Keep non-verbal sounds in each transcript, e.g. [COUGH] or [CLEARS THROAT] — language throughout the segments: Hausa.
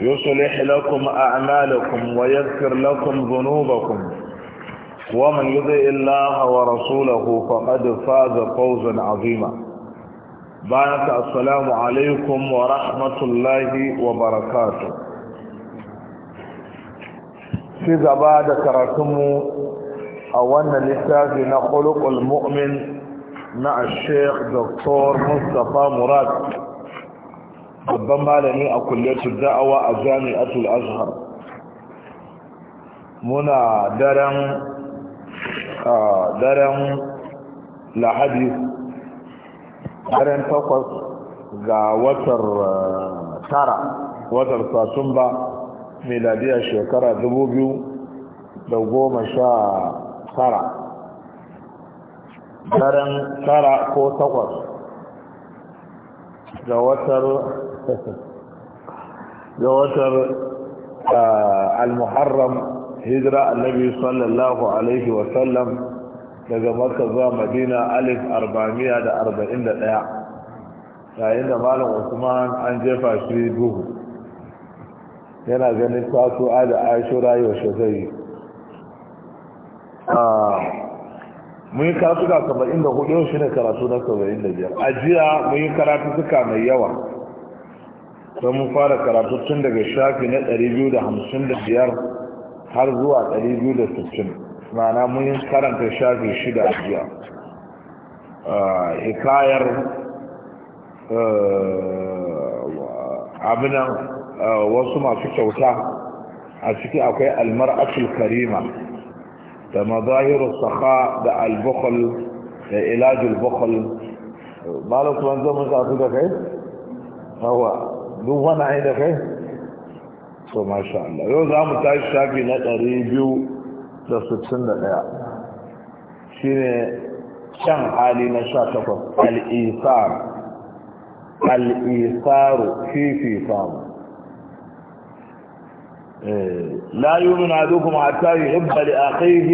يصلح لكم أعمالكم ويغفر لكم ذنوبكم ومن يطع الله ورسوله فقد فاز فوزا عظيما بارك السلام عليكم ورحمة الله وبركاته في بعد كراتم أولنا لساس نخلق المؤمن مع الشيخ دكتور مصطفى مراد babban malami a kulliyar da'awa a jami'atul azhar muna daren daren lahadi daren takwas ga watar tara watar satumba miladiya shekara dubu biyu da goma sha tara daren tara ko takwas ga watar [LAUGHS] ga watar al-muharram hijira annabi sallallahu alaihi wasallam daga makka zuwa madina alif arba'amiya da arba'in da ɗaya yayin da malam usman an jefa shi duhu yana ganin tasu'a da ashura yau zai yi mun yi karatu saba'in da hudu shi ne karatu na saba'in da biyar ajiya mun yi karatu suka mai yawa don mun fara karatu tun daga shafi na 255 har zuwa 260 ma'ana mun yi karanta shafi shida a jiya ah, hikayar ah, abinan ah, wasu masu kyauta a ciki akwai almar'atul karima da mazahirus saha da albukhul da ilajul bukhul malakuwan zama ka su da kai hawa duk wani ai da kai so masha Allah yau za mu tashi shafi na ɗari biyu da sittin da ɗaya shi ne shan hali na sha takwas al'isar al'isaru fifi samu لا يؤمن أحدكم حتى يحب لأخيه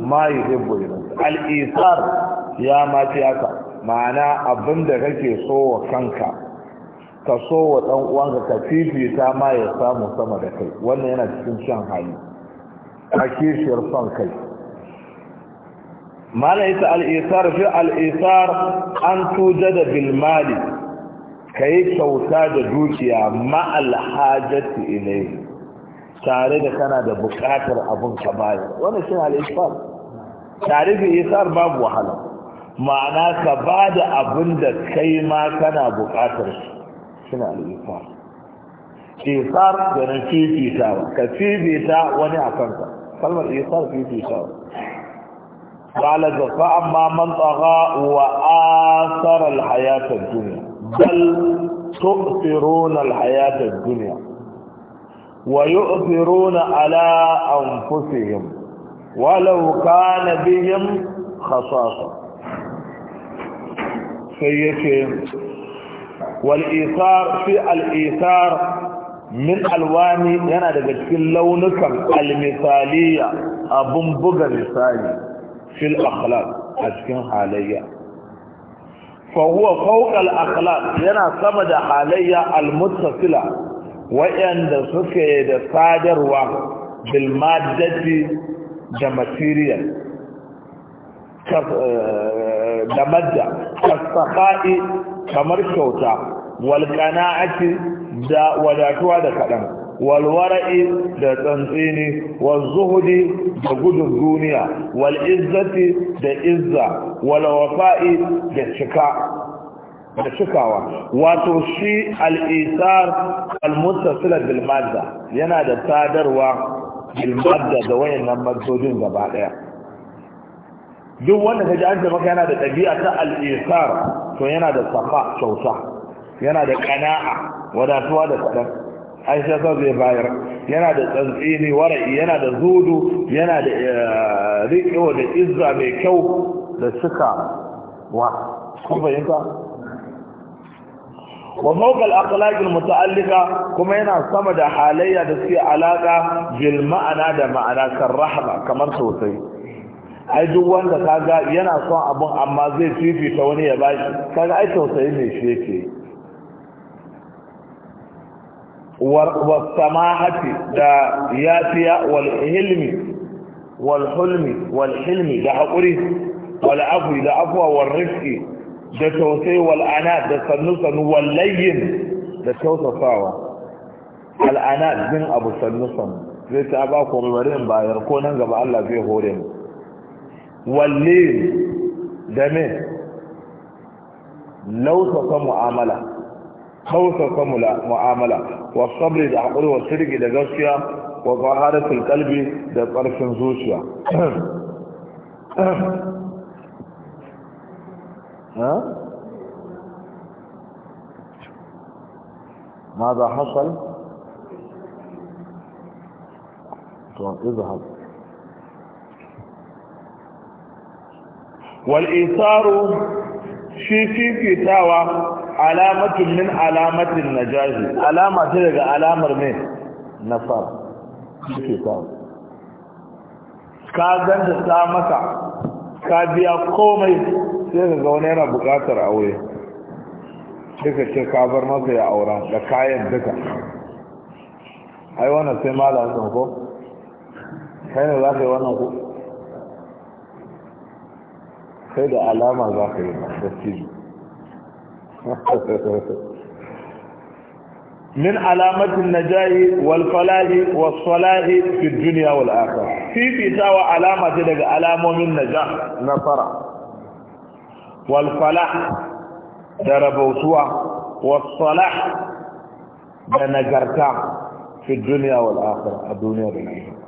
ما يحب لنفسه الإيثار يا ما تيأكل ma'ana abin da kake so wa kanka ka so wa ɗan uwanka ka fifita ma ya samu sama da kai wannan yana cikin shan hali a kishiyar son kai mala ita al'isar fi al'isar an tuja da bilmali ka yi kyauta da dukiya ma'al ma'alhajati ilai tare da kana da bukatar abin ka bayan wannan shi al'isar tare da isar babu wahala ma'ana ka ba da abin da kai ma kana bukatar shi suna al'ifar ifar da na fifitawa ka fifita wani a kanka kalmar ifar fifitawa قال فأما من طغى وآثر الحياة الدنيا بل تؤثرون الحياة الدنيا ويؤثرون على أنفسهم ولو كان بهم خصاصة سيكي والإيثار في الإيثار من ألوان ينا دقت في اللونك المثالية أبن بغى مثالي في الأخلاق أشكن حاليا فهو فوق الأخلاق ينا سمد حاليا المتصلة وإن دسوكي دسادر بالمادة دماتيريا دمجة آه، آه، دم دم دم دم دم kasfaha'i kamar kyauta wal qana'ati da wadatuwa da kaɗan, walwara'i da tsantsini wal da gudun duniya wal da izza wal da cika da cikawa wato shi al'isar al-muttasila Bilmadda yana da sadarwa Bilmadda da wayannan maddodin gaba daya duk wanda ka ji an maka yana da ɗabi'a ta al'isar to yana da safa kyauta yana da kana'a wadatuwa da kaɗan aisha sa zai bayar yana da tsantsini wara'i yana da zudu yana da eh, riƙo da izza mai kyau da suka wa kun fahimta wa mawqal aqlaqil muta'allika kuma yana sama da halayya da suke alaka bil ma'ana da ma'ana kan rahma kamar sosai ai duk wanda ka ga yana son abun amma zai fifita wani ya bashi kaga ai tausayi ne shi yake wa samahati da yafiya wal hilmi wal hulmi wal hilmi da haƙuri wal afwi da afwa wal rifqi da tausayi wal ana da sannu sannu wal layyin da tausasawa al ana din abu sannu sannu zai ta ba ku rubarin bayar ko nan gaba Allah zai hore mu والليل دمه لو تقم معاملة هو تقم معاملة والصبر إذا أقول والسرق إذا جوشيا وظهارة القلب إذا طرف زوشيا [CLEARS THROAT] ماذا حصل؟ اذهب wal isaru shi fifitawa alamatun min alamatin najahi alama ce daga alamar mai na far. ka ganta ta maka ka biya komai sai ga wani yana bukatar aure sai ka ce ka bar masa ya aura da kayan duka ai wannan sai malamin ko kai ne za ka yi wannan ko kai da alama za ka yi da fili min alamatin najahi wal falahi was salahi fi dunya wal akhirah fi tawa alama ce daga alamomin najah nasara wal falah da rabautuwa was salah da nagarta fi dunya wal akhirah a duniya da lahira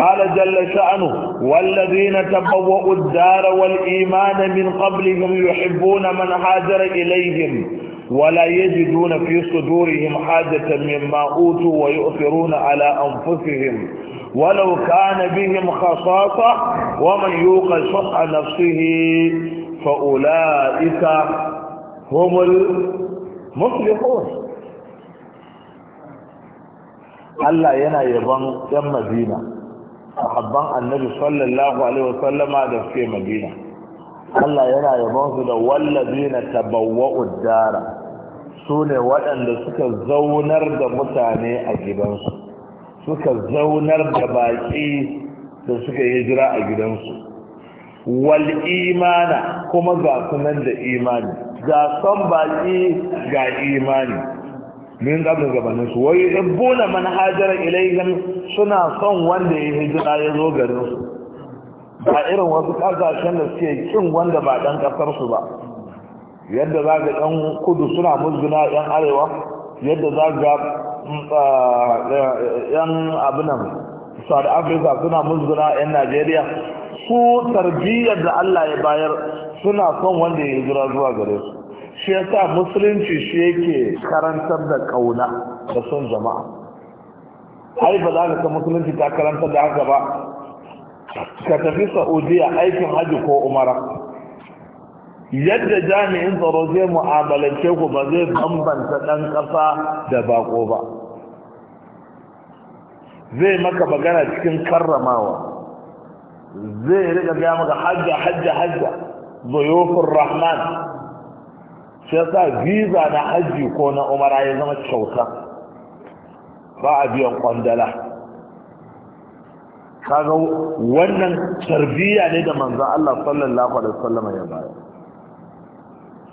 قال جل شأنه والذين تبوؤوا الدار والإيمان من قبلهم يحبون من هاجر إليهم ولا يجدون في صدورهم حاجة مما أوتوا ويؤثرون على أنفسهم ولو كان بهم خصاصة ومن يوق شح نفسه فأولئك هم المفلحون الله ينا يبن يم مدينه sahabban annabi sallallahu alaihi wa sallama da suke madina Allah yana yabon su da wallazina tabawwa'u dara su ne waɗanda suka zaunar da mutane a gidansu suka zaunar da baƙi da suka yi jira a gidansu wal imana kuma ga sunan da imani ga son baƙi ga imani min gabu gabanin su wai rabbuna man manhajar ilaihim suna son wanda ya hijira ya zo garin su ba irin wasu kasashen da suke kin wanda ba dan kasar su ba yadda za ga dan kudu suna musguna yan arewa yadda za ga eh, yan abinan south africa suna musguna yan nigeria su tarbiyyar da allah ya bayar suna son wanda ya hijira zuwa gare su shi yasa musulunci shi yake karantar da kauna da son jama'a ai ba za ka musulunci ta karantar da haka ba ka tafi saudiya aikin hajji ko umara yadda jami'in tsaro zai mu'amalance ku ba zai bambanta ɗan ƙasa da bako ba zai maka magana cikin karramawa zai rika gaya maka hajja hajja hajja zoyofin rahman shi sa visa na hajji ko na umara ya zama kyauta ba a biyan kwandala kaga wannan tarbiyya ne da manzan Allah sallallahu alaihi wasallam ya bayar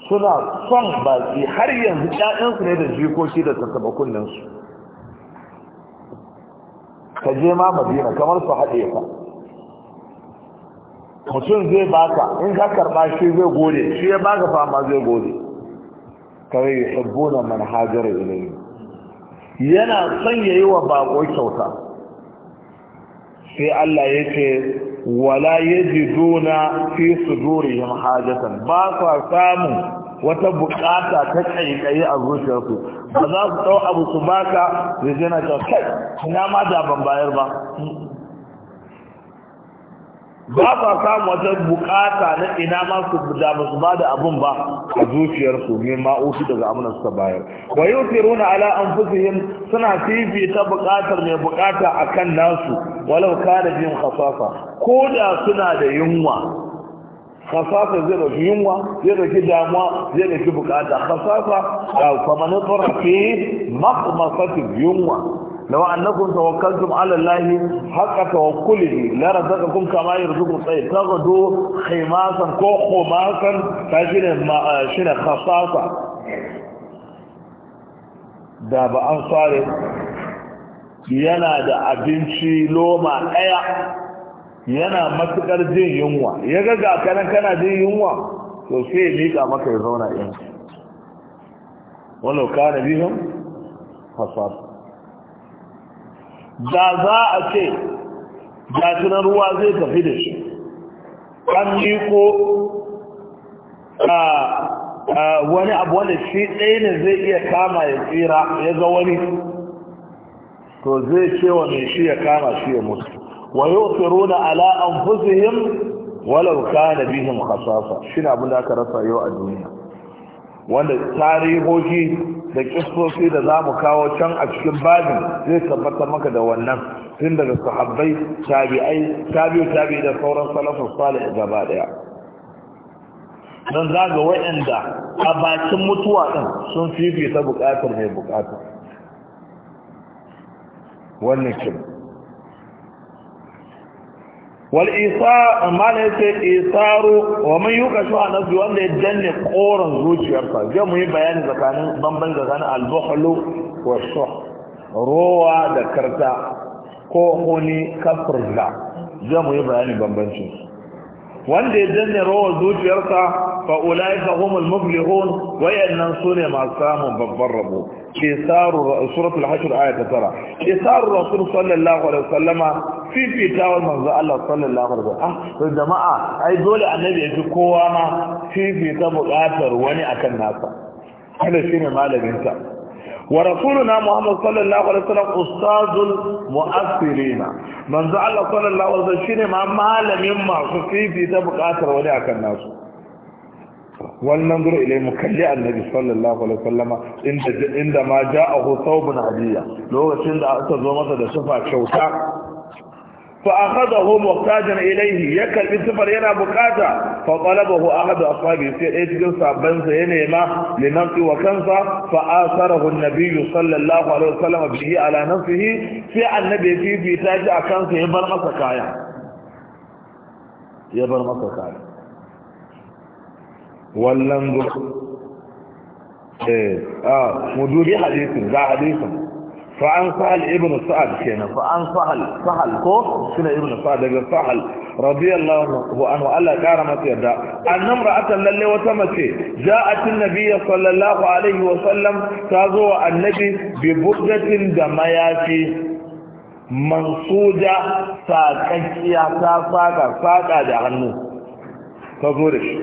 suna son baki har yanzu ƴaƴan ne da jikoki da tattabakunnin su ka je ma Madina kamar su haɗe ka mutum zai baka in ka karba shi zai gode shi ya baka fama zai gode kawai yuhibbuna man hajara ilayhi yana son yayi wa bako kyauta sai Allah yake wala yajiduna fi sudurihim hajatan ba sa samun wata bukata ta kai a zuciyarsu ba za su dau abu su baka zai jana ta kai ina ma da ban bayar ba ba sa samu wata bukata na ina ma su da ba su bada abun ba a zuciyarsu ne ma ushi daga amina suka bayar wa yusiruna ala anfusihim suna fifita bukatar mai bukata akan nasu walau kada jin khasafa ko da suna da yunwa khasafa zai dauki yunwa zai dauki damuwa zai da bukata khasafa kamar nutsar fi makmasatu yunwa law annakum tawakkaltum ala allahi haqqa tawakkulihi la razaqakum kama yarzuqu sayd taghdu khimasan ko khumasan tajina shine khasasa da ba an fare yana da abinci loma ɗaya, yana matukar jin yunwa ya ga ga kana jin yunwa to sai miƙa maka ya zauna yanzu walau kana bihim fasad da za a ce gashinan ruwa zai tafi da shi an miko wani abu wanda shi ɗaya ne zai iya kama ya tsira ya ga wani to zai ce wa mai shi ya kama shi ya mutu wayo tsoro tsiro na ala'an fusihim walauka kana bihin khasasa shi na abin da aka rasa yau a duniya wanda tarihohi da kisosi da za mu kawo can a cikin babin zai tabbatar maka da wannan tun daga sahabbai tabi'ai tabi'u tabi'i da sauran salafus salih gaba daya don zaga waɗanda a bakin mutuwa din sun fifita bukatar mai buƙata wannan kenan Wal'isa isa mala yace isaru wa mun man yuka shu nafsi wanda ya danne koran zuciyarsa zai mu yi bayani tsakanin bamban tsakanin al-bukhlu wa shuh rowa da karta ko huni kafirza ga mu yi bayani bambancin wanda ya danne rowa zuciyarsa fa ulaika humul muflihun wayannan yannan sune masu samun babban rabo isaru suratul hashr aya ta tara isaru rasul sallallahu alaihi wasallama fifitawar manzo Allah sallallahu alaihi wasallam ah jama'a ai dole annabi ya fi kowa ma fifita buƙatar wani akan nasa kada shine malamin sa wa rasuluna muhammad sallallahu alaihi wasallam ustazul mu'assirina manzo Allah sallallahu alaihi wasallam shine ma malamin masu fifita buƙatar wani akan nasu wannan zuru ilai mu kalli annabi sallallahu alaihi wasallama inda inda ma ja'ahu thawbun hadiyya lokacin da aka zo masa da sufa kyauta fa akhadahu muhtajan ilayhi ya kalbi sufar yana bukata fa talabahu ahadu ashabi sai dai cikin sabban sa ya nema liman wa kansa fa asarahu annabi sallallahu alaihi wasallama bihi ala nafsihi sai annabi ya fifita shi akan sa ya bar masa kaya ya bar masa kaya wallan zuwa eh ah mu dubi hadisin za hadisin fa an sahal ibn sa'ad kenan fa an sahal sahal ko shine ibn sa'ad daga sahal radiyallahu anhu Allah ƙara masa yarda annam ra'atan lalle wata mace ja'at an-nabiy sallallahu alaihi wa sallam ta zo wa annabi bi buddatin da mayafi mansuja sakakkiya ta saka saka da hannu ta zo da shi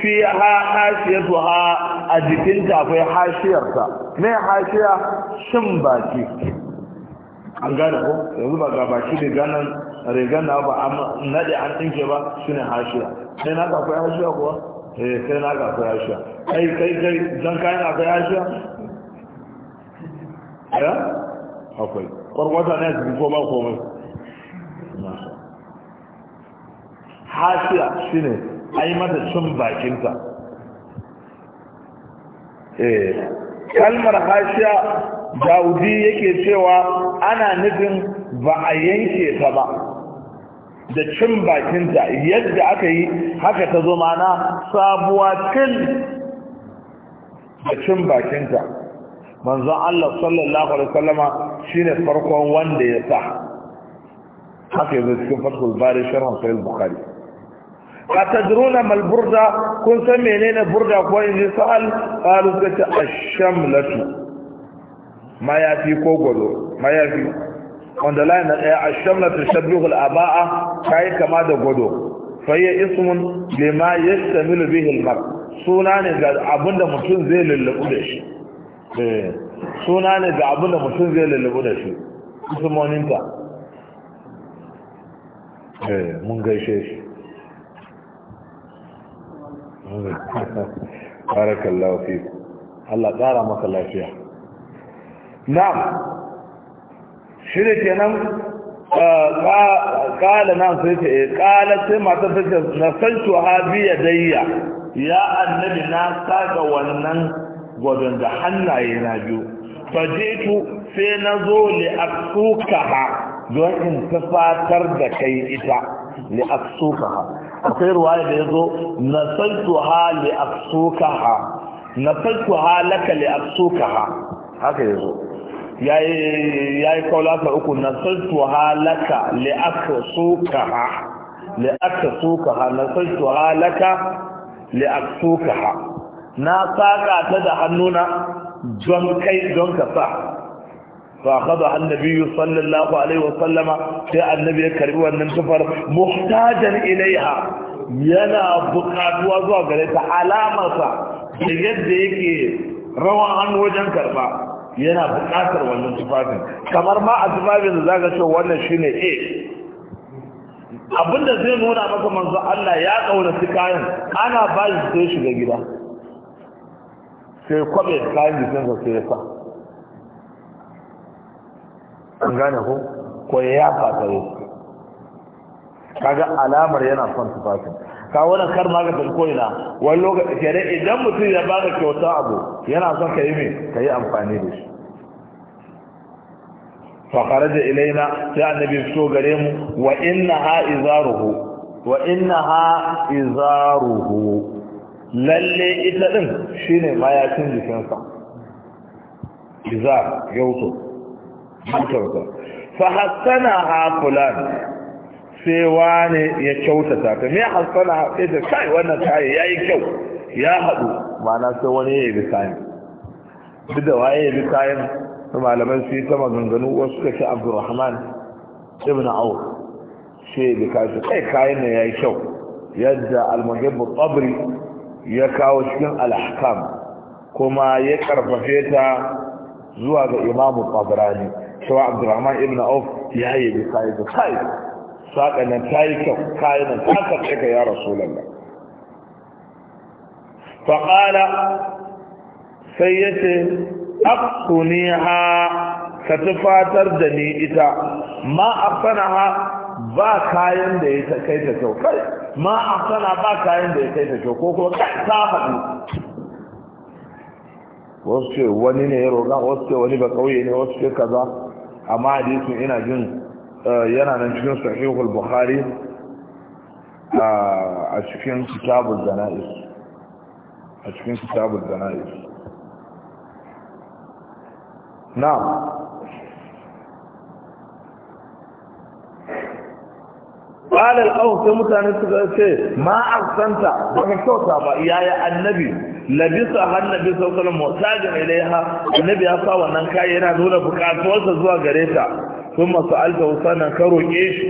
fi ha hashiyatu ha a jikinta akwai hashiyarta me hashiya shin baki an gane ko yanzu ba ga baki da ganin rigan na ba naɗe an ɗinke ba ne hashiya sai na akwai hashiya kuwa eh sai na akwai hashiya kai kai kai zan kayan akwai hashiya ya eh? akwai kwarkwata na jiki ko ba komai shi ne ai mata cin bakinta eh, kalmar hashiya daudi yake cewa ana nufin ba a yanke ta ba da cin bakinta yadda aka yi haka ta zo mana sabuwa til da cin bakinta manzo Allah sallallahu alaihi wasallama shine farkon wanda ya sa haka yanzu cikin fathul bari sharhan sahih bukhari a tajiruna duruna malburda kun san menene burda ko in ji sa'al qalu suka ce ashamlatu mayafi ko gwado mayafi wanda layin na ɗaya a a shabihu ta yi kama da gwado fayya ismun lima ya sami al-mar suna ne ga abinda mutum zai lullubu da shi eh, suna ne ga abinda mutum zai lullubu da shi ismoninta eh, mun gaishe shi barakallahu fi Allah tsara maka lafiya na'am shi da kenan eh, kala na sai ce eh, kala sai matar ta ce na santu ha biya dayya ya annabi na saka wannan gwadon da hannaye na biyu fajitu sai na zo li aksuka ha don in tafatar da kai ita li aksuka ha akwai ruwaya da na nasaltu hali aksukaha nasaltu halaka li ha haka ya yayi yayi kaulaka uku na nasaltu halaka li aksukaha li aksukaha nasaltu halaka li ha na saka ta da hannuna don kai don ka sa fa khada annabi sallallahu alaihi wa sallama sai annabi ya karbi wannan sufar muhtajan ilaiha yana bukatu wa zuwa gare ta da yadda yake rawan an wajen karba yana bukatar wannan sufafin kamar ma a sufafin da zaka ce wannan shine a abinda zai nuna maka manzo Allah ya kauna kayan ana ba shi sai shiga gida sai kwabe kayan da sai sai an gane ko ko ya yafa gare kaga alamar yana son tufafin ka wani kar ma ga tarko ina wani lokaci ke idan mutum ya baka kyauta abu yana son ka yi mai amfani da shi da ilaina sai annabi so gare mu wa inna ha izaruhu wa inna ha izaruhu lalle ita din shine mayacin jikinsa izar yauto hantarsa fa hassana ha fulan sai wani ya kyautata ta me hassana ha sai ta kai wannan kaya ya yi kyau ya haɗu mana sai wani ya yi bisani duk da waye ya bi kayan malaman su yi ta maganganu wasu ka ce abdurrahman ibn auf sai ya bika kayan kai kayan ne ya yi kyau yadda almuhibbu qabri ya kawo cikin al kuma ya karfafe ta zuwa ga imamu qabrani cewa abdurrahman ibn auf ya yi bi kai da kai saka nan ta yi kyau kayan nan ta karɓe ka ya rasulallah faƙala sai ya ce aksuniha ka tufatar da ni ita ma afsanaha ba kayan da ya ta kai ta kyau kai ma afsana ba kayan da ya kai ta kyau ko ko ta faɗi wasu ce wani ne ya roƙa wasu ce wani ba ƙauye ne wasu ce kaza amma hadisun ina jin eh, yana nan cikin sahihul bukhari a cikin kitabul jana'is a cikin kitabul jana'is na'am qalal aw sai mutane suka ce ma ahsanta baka kyauta ba yaya annabi labisa har nabi sallallahu alaihi wasallam musajin ilaiha annabi ya sa wannan kayan yana nuna bukatuwarsa zuwa gare ta sun masu alta sannan ka roƙe shi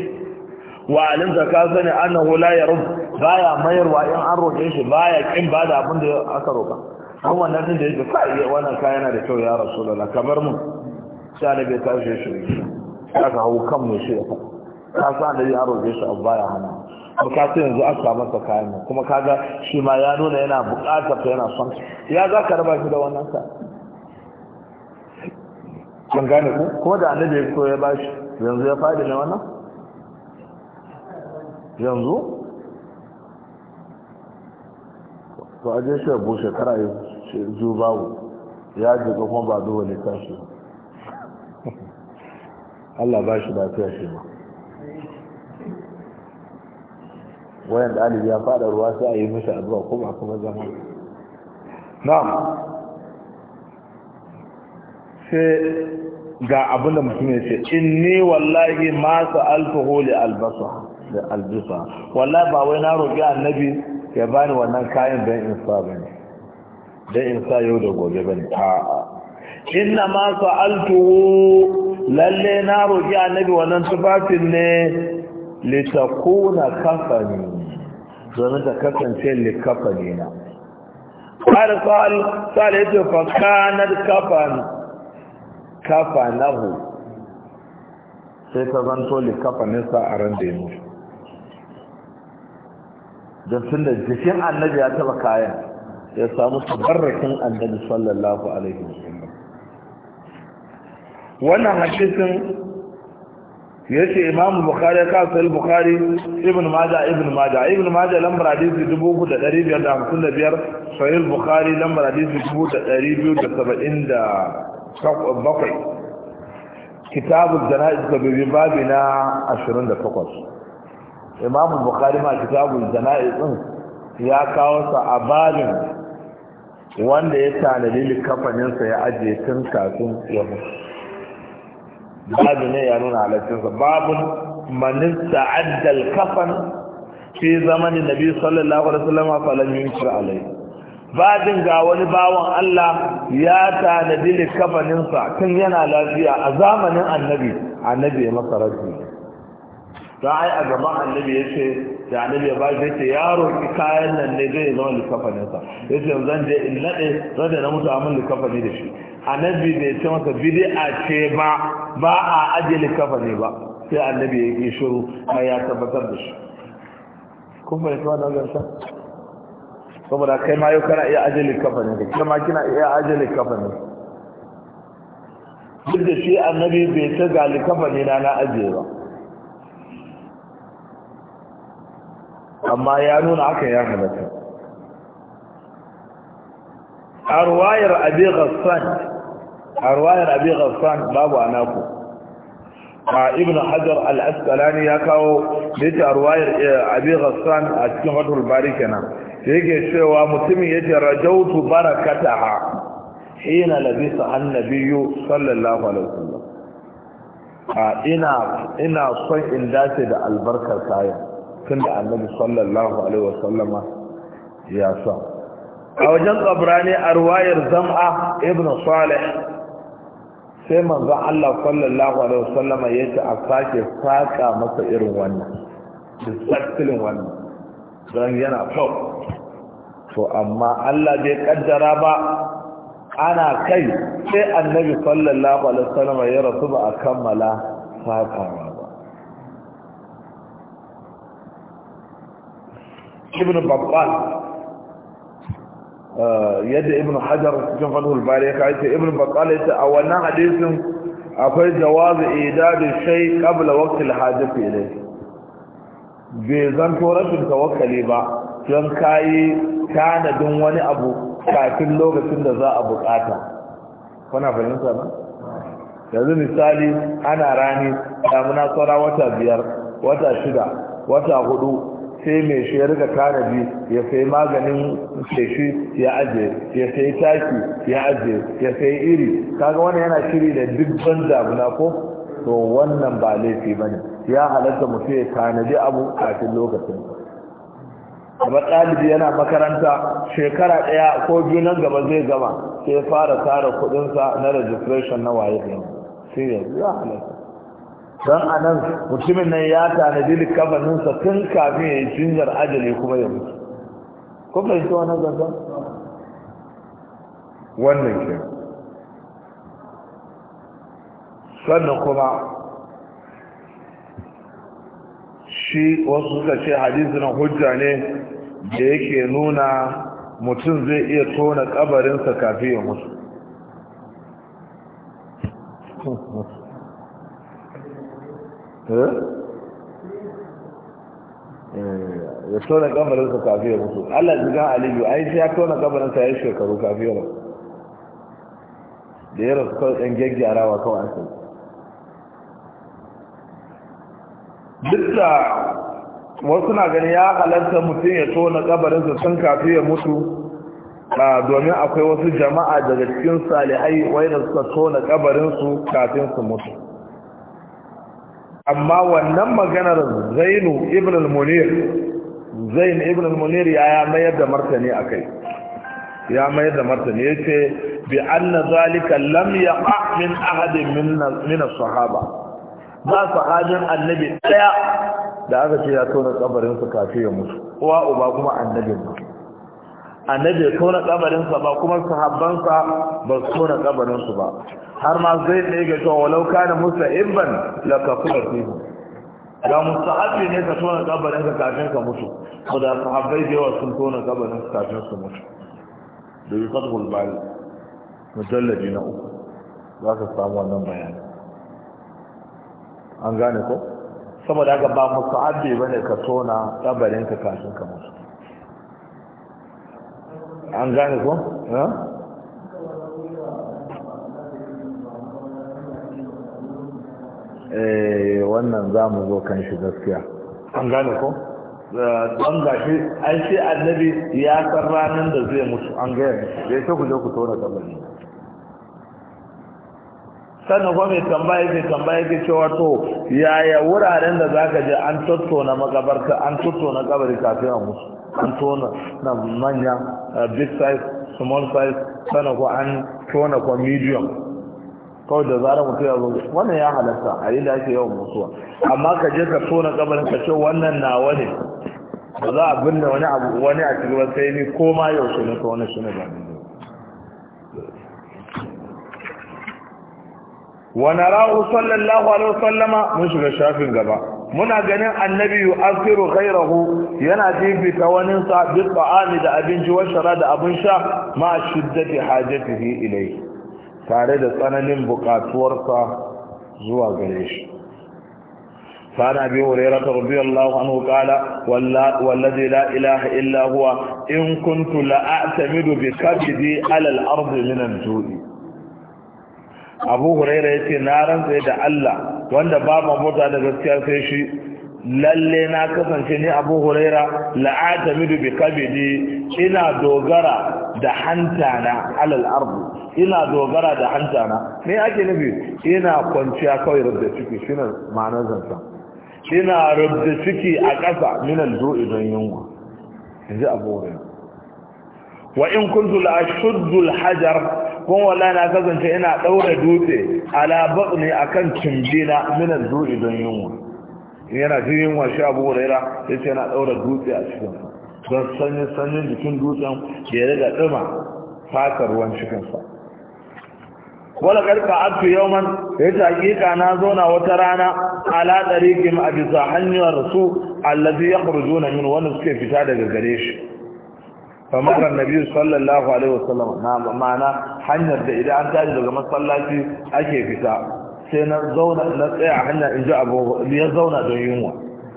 wa alimta ka sani annahu la yarud baya mayarwa in an roƙe shi baya kin bada abin da aka roƙa an wannan din da yake kai wannan kayan yana da kyau ya rasulullah kamar mu sai annabi ya tashi shi aka hau kan shi ya fara ka sa da ya roƙe shi abu baya hana ba ka sai yanzu aka masa kayan mu. kuma kaga shi ma ya nuna yana buƙatar ta yana son ya za ka raba shi da wannan ka kun gane ku kuma da annabi ya fito ya bashi yanzu ya faɗi ne wannan yanzu to aje shi abu shekara ya zubawo ya ji kuma ba dole tashi [LAUGHS] Allah ba shi lafiya shi ba wayan dali ya faɗa ruwa sai a yi mishi addu'a ko ba kuma zama na'am sai ga abinda mutum ya ce inni wallahi ma sa'altuhu li albasa li albasa wallahi ba wai na roki annabi ya bani wannan kayan dan insa bane dan in sa yau da gobe bane a'a inna ma sa'altuhu lalle na roƙi annabi wannan tufafin ne litakuna kafani zan ta kasance likafani na qala qal qala yace fa kafan kafanahu sai ta zanto likafaninsa a ran da ya don tun da jikin annabi ya taba kayan ya samu tabarrakin annabi sallallahu alaihi wasallam wannan hadisin yace Imam imamu bukhari ya kawo sahih ibn majah ibn majah ibn majah lambar hadisi 3,555 sai bukhari lambar hadisi 2,277 kitabu jana'iz sababi babi na 28 imamu bukhari ma kitabu jana'iz din ya kawo sa a babin wanda ya tanadi likafaninsa ya ajiye tun kafin ya mutu babu ne ya nuna halaccinsa babu manin sa'addal kafan fi zamanin nabi sallallahu alaihi wasallam falan yunkir alai babin ga wani bawan Allah ya tanadi likafaninsa tun yana lafiya a zamanin annabi annabi ya masa rabbi da ai a gaban annabi ya ce da annabi ya bashi yace yaro ki kayan nan ne zai zama likafaninsa yace zan je in nade zan da na mutu amin likafani da shi annabi bai ce masa bid'a ce ba ba a ajiyar kafa ne ba sai annabi ya yi shiru a ya tabbatar da shi kun fahimci wannan gamsa saboda kai ma yau kana iya ajiyar kafa ne da ma kina iya ajiyar kafa ne duk da shi annabi bai ta gali kafa ne na ajiye ba amma ya nuna haka ya halatta a ruwayar abin ghassan روايه ابي غفران باب اناكو ابن حجر الأسكالاني يكاو ديت روايه ابي غفران اكن فتح الباري كان يجي سوى متيم رجوت بركتها حين لبث النبي صلى الله عليه وسلم انا انا صوي ان ذات البركه كايا كند النبي صلى الله عليه وسلم يا صاح او جن قبراني روايه زمعه ابن صالح sai manzon Allah sallallahu alaihi wasallam ya ce a sake saka masa irin wannan exactly wannan don yana kyau to amma Allah bai kaddara ba ana kai sai annabi sallallahu alaihi wasallam ya rasu ba a kammala sakawa ba ibn babban yadda ibn hajar cikin fathul bari ya ce, ibn bakal ya ce a wannan hadisin akwai jawazi idadi shay qabla waqtil hajati ilayhi bai zanto rashin tawakkali ba don kayi tanadin wani abu kafin lokacin da za a bukata kuna fahimta na yanzu misali ana rani damuna tsara wata biyar wata shida wata hudu sai mai shi ya riga tanadi ya sai maganin feshi ya aje ya sai taki ya aje ya sai iri kaga wannan yana shiri da ban damuna ko to wannan ba laifi bane ya halatta mu ya tanadi abu kafin lokacin amma ɗalibi yana makaranta shekara ɗaya ko biyu nan gaba zai gama sai fara tara kuɗinsa na registration na waye ɗin sai ya halatta don a nan mutumin nan ya tanadi likafaninsa tun kafin ya yi jinyar ajali kuma ya mutu yi wannan zanzan wannan ke sannan kuma shi wasu suka ce hadisi na hujja ne da yake nuna mutum zai iya tona kabarinsa kafin ya mutu Eh? Eh, ya tona kamarinsa kafin ya mutu allah jigan aliyu a yi ya tona kamarinsa ya yi shekaru kafin ya mutu da ya rasu kawai ɗan rawa kawai sai duk da wasu na gani ya halarta mutum ya tona kamarinsa sun kafin ya mutu domin akwai wasu jama'a daga cikin salihai wai da suka tona kamarinsu kafin su mutu amma wannan maganar zainu ibn al-munir zain ibn al-munir ya mayar da martani kai. ya mayar da martani ce bi anna zalika lam yaqa min ahadin min as-sahaba ba sahabin annabi daya da aka ce ya tona kabarin su kafin ya mutu uwa uba kuma annabin annabi tona sa ba kuma sa ba su tona su ba har ma zai ne ga to walau kana musa ibban la kafura fihi ga mustahabi ne ka tona ka kafin ka mutu ko da sahabbai da yawa sun tona kabarinsu kafin su mutu da yi fatul bal mujallabi na uku za ka samu wannan bayani an gane ko saboda ga ba mustahabi bane ka tona ka kafin ka mutu an gane ko eh, wannan za mu zo kan shi gaskiya an gane ko don gashi an ce annabi ya san ranar da zai mutu an gaya ya ce ku je ku tona kabari sannan kuma mai tambaya mai tambaya ke cewa to yaya wuraren da zaka je an tattauna makabarta an tattauna kabari kafin a musu an tona na manya big size small size sannan ko an tona kuma medium kawai da zarar mutum ya zo wannan ya halatta a yi da ake yawan mutuwa amma ka je ka tona kabarin ka ce wannan na wani ba za a binne wani abu wani a cikin sai ni ko ma yaushe ne tona shi ne ba wa narahu sallallahu alaihi wasallama mun shiga shafin gaba muna ganin annabi Asiru, ghayrahu yana jibita wani sa bi da abinci wa shara da abin sha ma shiddati hajatihi ilayhi tare da tsananin bukatuwarsa zuwa gare shi فعن أبي هريرة رضي الله عنه قال والذي لا إله إلا هو إن كنت لأعتمد بكبدي على الأرض من الجوء abu huraira ya ce na rantsa da Allah wanda ba mota da gaskiya sai shi lalle na kasance ni abu huraira la'atamidu bi kabidi ina dogara da hantana alal ardu ina dogara da hantana me ake nufi ina kwanciya kawai rubda ciki shine ma'anar zansa ina rubda ciki a ƙasa minan al-du'i don yunwa inji abu huraira wa in kuntu la ashuddu al-hajar kun wallahi na kasance ina daura dutse ala batni akan tumbina min az-zu'i don yunwa yana jin wa shi Abu Hurairah sai yana daura dutse a cikin don sanya sanyin jikin dutsen ya riga dima fatar ruwan cikin sa wala karka abtu yawman ya ta hakika na zauna wata rana ala tariqim abisa hanyar su allazi yakhrujuna min wani suke fita daga gare shi kamar annabi sallallahu alaihi wasallam na ma'ana hanyar da idan an tashi daga masallaci ake fita sai na zauna na tsaya hanya in ji abu ya zauna don yunwa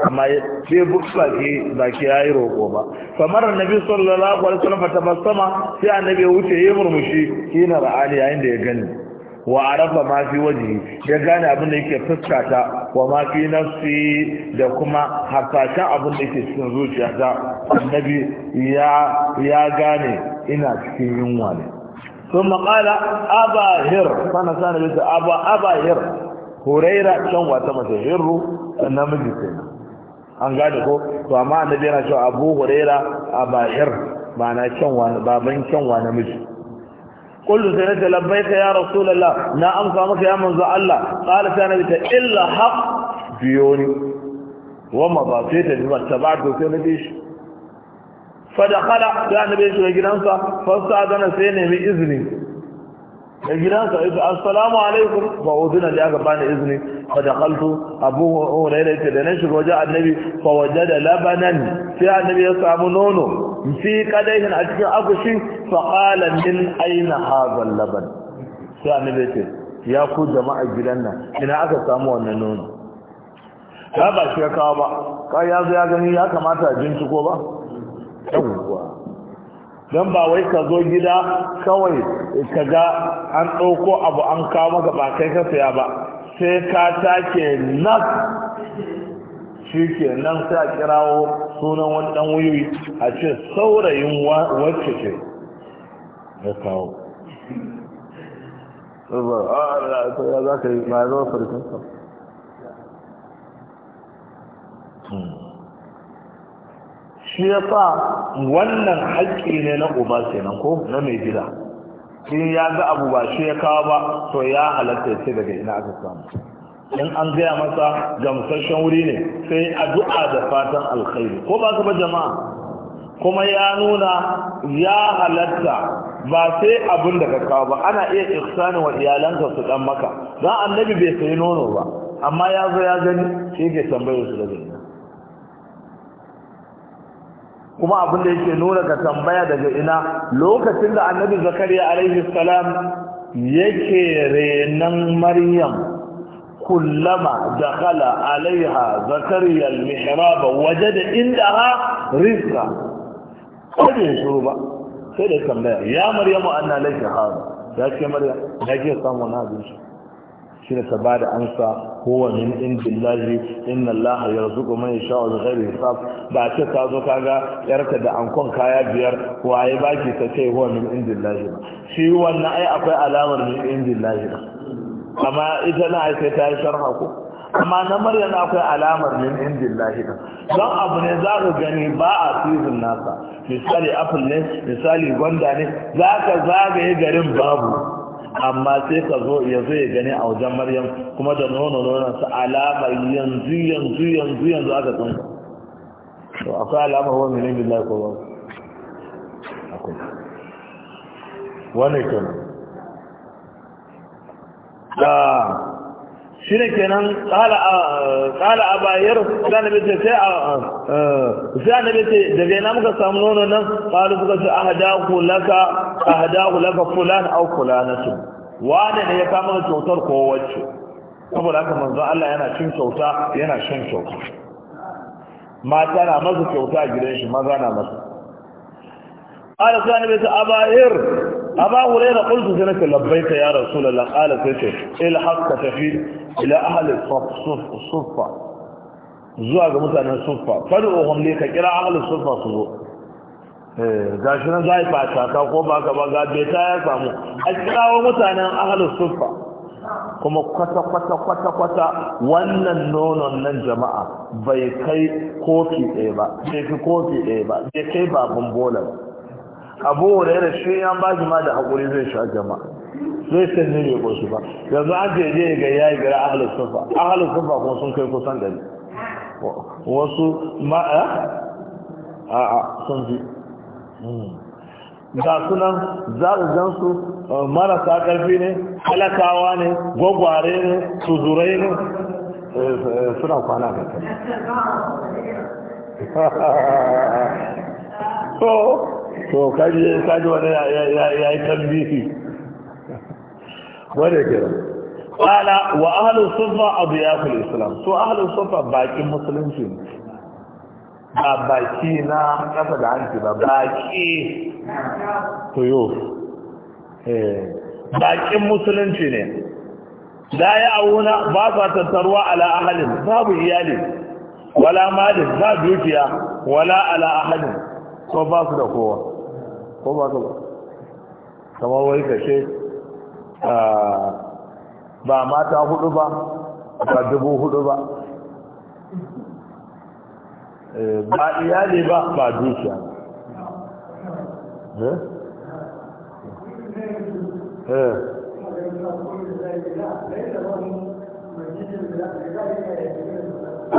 amma sai buksa ke baki ya yi roƙo ba kamar annabi sallallahu alaihi wasallam fata basama sai annabi ya wuce ya murmushi shi na ra'ani yayin da ya gani wa araba ma fi ya gane abin da yake fuskata wa ma fi nafsi da kuma hasashen abin da yake cikin zuciya annabi ya ya gane ina cikin yunwa ne sun maƙala abahir sana sana bisa aba abahir huraira can wata da namiji an gane ko to amma annabi yana cewa abu huraira abahir ba na baban kyanwa namiji قلت سنت لبيك يا رسول الله نا أمسى مك يا منزو الله قال سنبت إلا حق بيوني ومضى سيت الجمال تبعته سنبيش فدخل كان بيش وجنانسا فاستعدنا سيني بإذني جنانسا السلام عليكم فأوذنا لأك بان إذني فدخلت أبوه هنا إليك دنشر وجاء النبي فوجد لبنا فيها النبي يسعب نونه fi kadaihin a cikin agushi? fa qala min aina hadha laban sai annabi ce ya ku jama'a gidan nan ina aka samu wannan nono ka ba shi ya kawo ba ka ya zo ya gani ya kamata a binciko ba yawwa don ba wai ka zo gida kawai ka ga an ɗauko abu an kawo maka ba kai ka saya ba sai ka take nas shi ke nan sa kirawo sunan wani dan wuyi a ce saurayin wacce ce ya kawo hmm. shi ya sa wannan haƙƙi ne na uba kenan ko na mai gida in ya ga abu ba shi ya kawo ba to ya halatta ce daga ina aka samu in an gaya masa gamsashen wuri ne sai addu'a da fatan alkhairi ko ba ba jama'a kuma ya nuna ya halatta ba sai abin da ka kawo ba ana iya ihsani wa iyalanka su dan maka dan annabi bai sayi nono ba amma ya zo ya gani shi ke tambayar su da gani kuma abin da yake nuna ka tambaya daga ina lokacin da annabi zakariya alaihi salam yake renan maryam kullama dakhala alaiha zakariya al-mihraba wajada indaha rizqa kaje shuru ba sai da tambaya ya maryamu anna laki hada ya ce maryam ya ke samu na abin shi shi ne ta bada amsa huwa min indillahi inna allaha yarzuqu man yasha'u bighairi hisab ba ce ta zo kaga yarka da ankon kaya biyar waye baki ta ce ba shi wannan ai akwai alamar min ba amma ita na sai ta yi sharha ko amma na maryam akwai alamar min indillahi da don abu ne za ka gani ba a season nasa misali apple ne misali gwanda ne za ka zagaye garin babu amma sai ka zo ya zo ya gani a wajen maryam kuma da nono nonon sa alamar yanzu yanzu yanzu yanzu aka tsanka to akwai alamar wa min indillahi ko ba akwai wannan kenan shi ne kenan kala a bayar zanabe ce sai a zanabe ce daga yana muka samu nono nan kalu suka ce a hada laka a laka fulan au fulanatu wane ne ya kama da kyautar ko wacce saboda haka manzo Allah yana cin kyauta yana shan kyauta mata na masa kyauta a gidan shi maza na masa قال سيدنا النبي أبا هر أبا هريرة قلت سنك لبيك يا رسول الله قال سيدنا إلى حق تفيد إلى أهل الصفة zuwa ga mutanen suffa fari ohun ne ka kira ahalin suffa su zo ga nan za a yi fata ka ko ba ka ba ga beta ya samu a kirawo mutanen ahalin suffa kuma kwata-kwata-kwata-kwata wannan nonon nan jama'a bai kai kofi ɗaya ba bai fi kofi ɗaya ba bai kai babin bola ba abu hurairah shi an ba shi ma da hakuri zai sha jama'a zai san ne ya koshi ba yanzu an ce je ga ya yi gara ahlus sufa ahlus sufa ko sun kai kusan gari wasu ma eh? a a sun ji hmm. ga sunan za su gan su eh, marasa karfi ne halakawa ne gwagware ne tuzurai ne eh, suna kwana da kai [LAUGHS] so to kaji kaji wani ya yi tambihi wanda kira qala wa ahlu sufa adiyaful islam to ahlu sufa bakin musulunci ba baki na kafa da hanci ba baki to yo eh, bakin musulunci ne da ya auna ba sa tattaruwa ala ahalin babu iyali wala malin ba dukiya wala ala ahalin ko ba su da kowa ko ba ka ba kamar wai kashe. Ah, ba mata hudu ba ba dubu hudu ba eh, ba iyali ba ba dukiya ba eh, eh.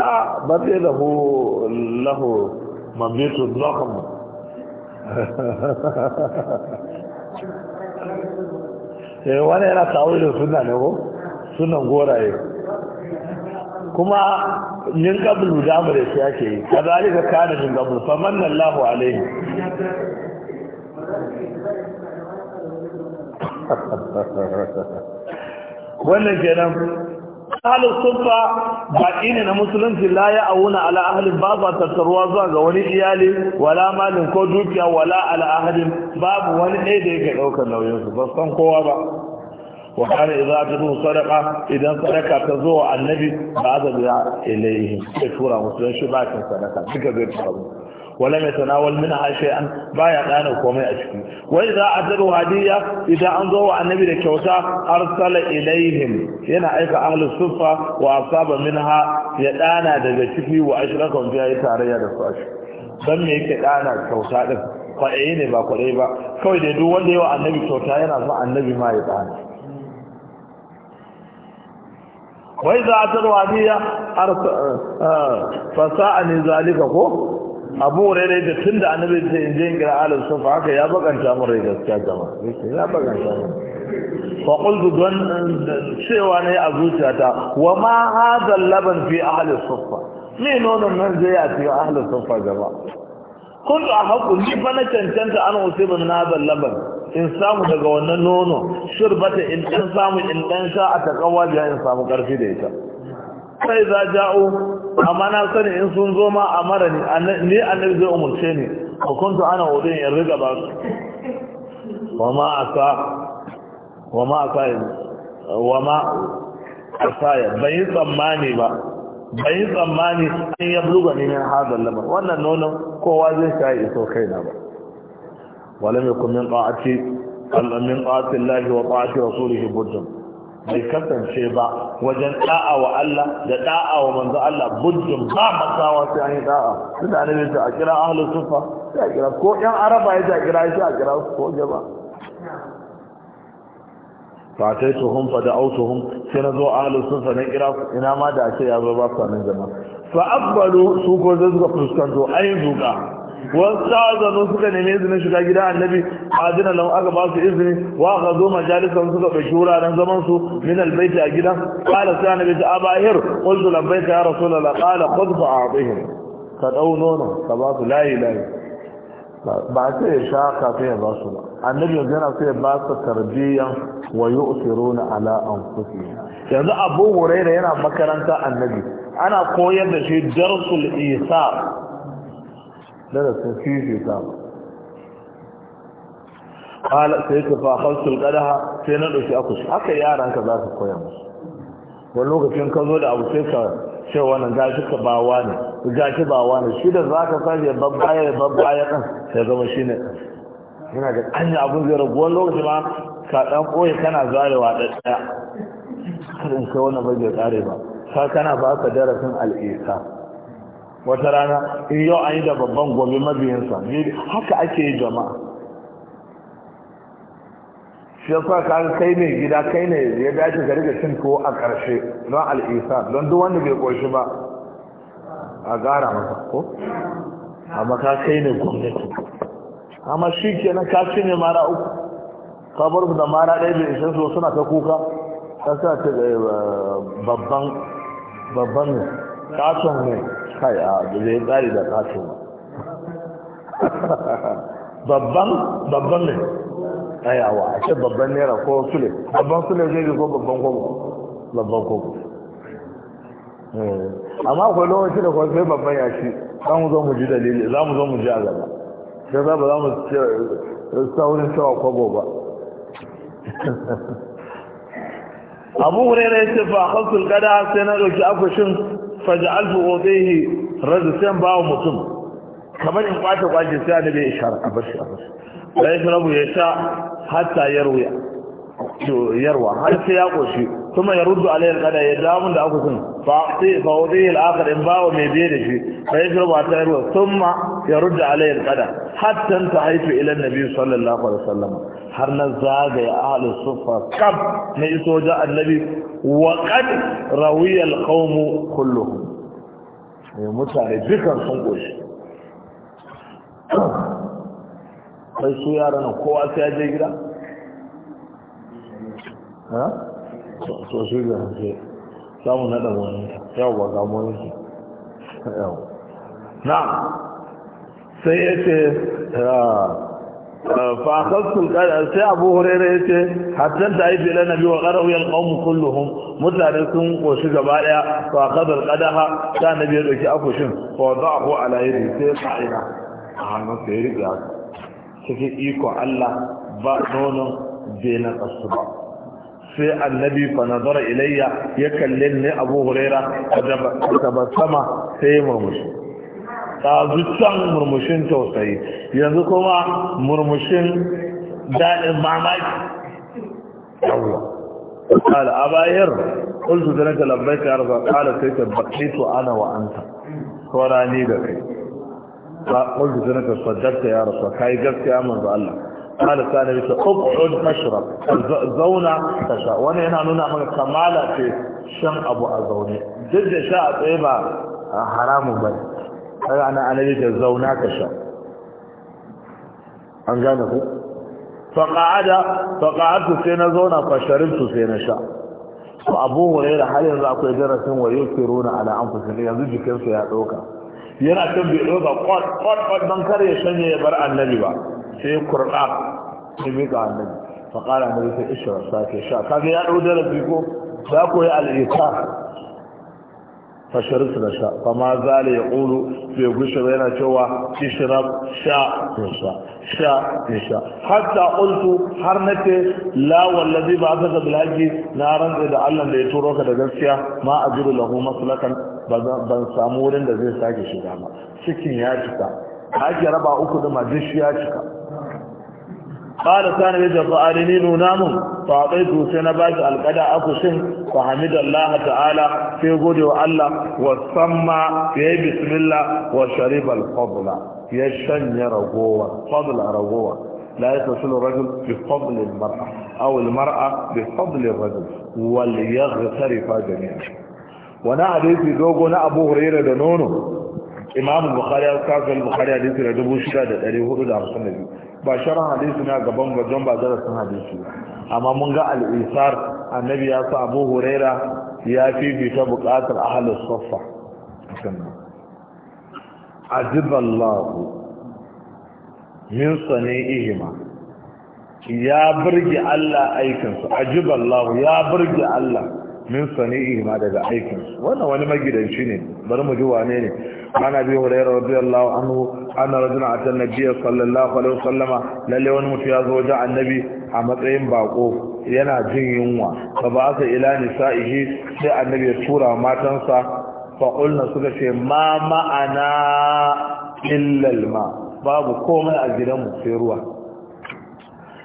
Ah, ba zai lahu lahu mabitu zokon [LAUGHS] eh wani yana tawilin suna ne ko sunan goraye kuma yin gabulu da mu da shi ake yi ka kada yin gabulu qablu nan Allahu alaihi [LAUGHS] wannan kenan ahalin sunfa baƙi ne na musulunci la ya auna ala ahalin tattaruwa zuwa ga wani iyali wala malin ko dukiya wala ala ahalin babu wani ɗaya da yake ɗaukar nauyinsu ba san kowa ba wa kana idza tudu sadaqa idan sadaka ta zo annabi ba za ya ilaihi sai tura musulunci dan ba sadaka duka zai tura wala mai tanawal min hashe an baya ɗana komai a ciki wai za a zaro idan an zo wa annabi da kyauta arsala ilaihin yana aika ahli sufa wa asaba ya ɗana daga ciki wa tarayya da su dan me yake ɗana kyauta din kwaɗayi ne ba kwaɗayi ba kawai dai duk wanda yawa annabi kyauta yana son annabi ma ya ɗana wai za a tarwa ne eh, eh, fasa'ani zalika ko abu rere da tun da annabi ta in je in kira alal sufa haka ya bakanta mun rai gaskiya gama ya bakanta mun fa qultu don cewa ne a zuciyata wa ma hada laban fi ahli sufa me nonon nan zai a cikin ahli sufa gaba kun a haku ni fa na cancanta an ban na hadha laban in samu daga wannan nono shirbata in dan samu in dan sha a takawa in samu karfi da ita sai za ja'u amma na sani in sun zo ma a mara ni ni annabi zai umarce ni ko kuntu ana udin in riga ba su wa ma asa wa ma asa wa ma asa bai tsammani ba bai tsammani an yabluga ni min hadal lamar wannan nono kowa zai shayi iso kaina ba min يكن من طاعتي من طاعة الله wasu rikin بد bai kasance ba wajen da'a wa Allah da da'a wa manzo Allah buddin ba matsawa sai an yi da'a tun da annabi ta kira ahlus sufa sai a kira ko yan araba ya ta kira shi a kira ko jaba فاتيتهم فدعوتهم Ina ma da نقرا ya ما دا اشي jama'a. Fa سنن جما فاقبلوا سوق زغ فسكنتو اي زوقا wasta'zanu suka nemi izinin shiga gida annabi adina lahum aka ba su izini wa gazo majalisan suka dauki wuraren zaman su min albayt a gidan qala sai annabi ta abahir qultu labbayka ya rasulullah qala khudh fa'atihim ka dau nono ka ba su layi layi ba sai ya sha kafin ya ba su ba annabi yanzu yana sai ya ba su tarbiyyan wa yu'siruna ala anfusihim yanzu abu hurairah yana makaranta annabi ana koyar da shi darsul isar darasin fifita kala sai ka fa khalsul qadaha sai na dauki akushi haka yaran ka za su koya musu wani lokacin ka zo da abu sai ka ce wannan gashi ka ba wani gashi ba wani shi da zaka sashi ya babbaya ya babbaya kan sai zama shine yana da anya abun zai ragu wani lokaci ma ka dan koyi kana zarewa da daya kada in kai wannan bai kare ba ka kana ba ka darasin al'isa wata rana in yau an yi da babban gobe mabiyinsa haka ake yi jama'a shi yasa ka kai ne gida kai ne ya dace ga riga cin tuwo a ƙarshe don al'isa don duk wanda bai ƙoshi ba a gara masa ko amma ka kai ne gwamnati amma shi kenan ka ci ne mara uku Kabar da mara ɗaya bai isa su suna ta kuka ta sa ta babban babban ne katon ne kai a da zai tsari da katon babban babban ne ayawa a ce babban naira ko sule babban sule zai ko babban kobo babban kobo eh, amma akwai lokaci da kwanfai babban yashi za mu zo mu ji dalili za mu zo mu ji a gaba sai za ba za mu eh, saurin cewa kwabo ba [LAUGHS] abu hurairu rai ce fa hasul gada sai na ɗauki akwashin faj'altu udhihi razan bawo mutum kamar in kwace kwace sai annabi ya ishara a bashi a bashi da ya rabu ya sha hatta yarwa yarwa har sai ya koshi kuma ya ruddu alayhi alqada ya damun da aku sun fa sai fa udhihi al-akhar in bawo mai biye da shi da ya rabu hatta yarwa thumma ya rudda alayhi alqada hatta ta haifu ila nabi sallallahu alaihi wasallam har na zagaya ahlus suffa kab na iso wajen annabi wa qad rawiya alqawm kulluhum eh, mutane dukan sun koshi sai su yaran kowa sai ya je gida ha so su ga samu na da wani yawa ga mu yawa na'am sai ya ce fakastun sai abu hurera ya ce hatta ta yi filan nabi wa ƙarauyen ƙaunin kulluhun mutane sun ƙoshi gaba ɗaya fakadar ƙadaha ta nabi ya ɗauki akushin ko za a ko alayyari sai sa'ina a hannun sai riƙe haka cikin ikon allah ba nonon bai na ƙasu ba sai annabi fa nazara ilayya ya kalle ne abu hurera da sama sai ya murmushi ta zuciyar murmushin tausayi yanzu kuma murmushin daɗin mamaki ƙala a bayar ƙulsu zane ta ta yarza ƙala sai ta baƙi su ana wa'anta ko rani da kai ba ƙulsu zane ta saddata yarza ka yi gaskiya manzu Allah ƙala ta nabi ta ƙuƙuɗin mashirar zauna ta sha wani yana nuna maka kamala ce shan abu a zaune duk da sha a tsaye ba haramun bane har ana annabi ta zauna ka sha an gane ku faqa'ada faqa'atu sai na zauna fa sharibtu sai na sha to abu hurairah har yanzu akwai darasin wa yusiruna ala anfusihim yanzu jikinsu ya doka yana kan bi doka kwat kwat kwat ban kare ya shanye ya bar annabi ba sai qur'a sai mi ga annabi faqala annabi sai ishra sai sha kaga ya dau darasi ko za ya al-ikar fasharin su da sha fama zale ya ƙulu bai gushe ba yana cewa ishrab sha ya sha sha ya sha hatta ƙultu har na ce la wallazi ba aka ga bilhaji na rantsa da allah da ya turo ka da gaskiya ma a jiru lahu maslakan ban samu wurin da zai sake shiga ba cikin ya cika hajji raba uku da majishi ya cika qala sana bi jaza'alini nuna mun fa ataitu na baki alqada akushin fa hamidallah ta'ala sai gode wa Allah wa samma ya bismillah wa shariba a fadla ya shanya ragowa fadla ragowa لا يتصل الرجل بفضل المرأة أو المرأة بفضل الرجل وليغترف جميعا وانا حديث دوغو نا ابو da nono imam bukhari ya kafa bukhari hadisi da biyu. ba sharan hadisi na gaban gajon ba darasin hadisi amma mun ga al'isar annabi ya sa abu huraira ya fifita buƙatar ahalus saffa aziballahu min ihima ya burge Allah aikinsu ajiballahu ya birge Allah min ihima daga aikinsu wannan wani magidanci ne bari mu ji wane ne عن ابي هريره رضي الله عنه ان رجلا اتى النبي صلى الله عليه وسلم للي وني متي يزو جاء النبي a matsayin bako yana jin yunwa fa ba sa ila nisa'ihi sai annabi ya tura matansa fa qulna suka ce ma ma'ana illa alma babu komai a gidanmu sai ruwa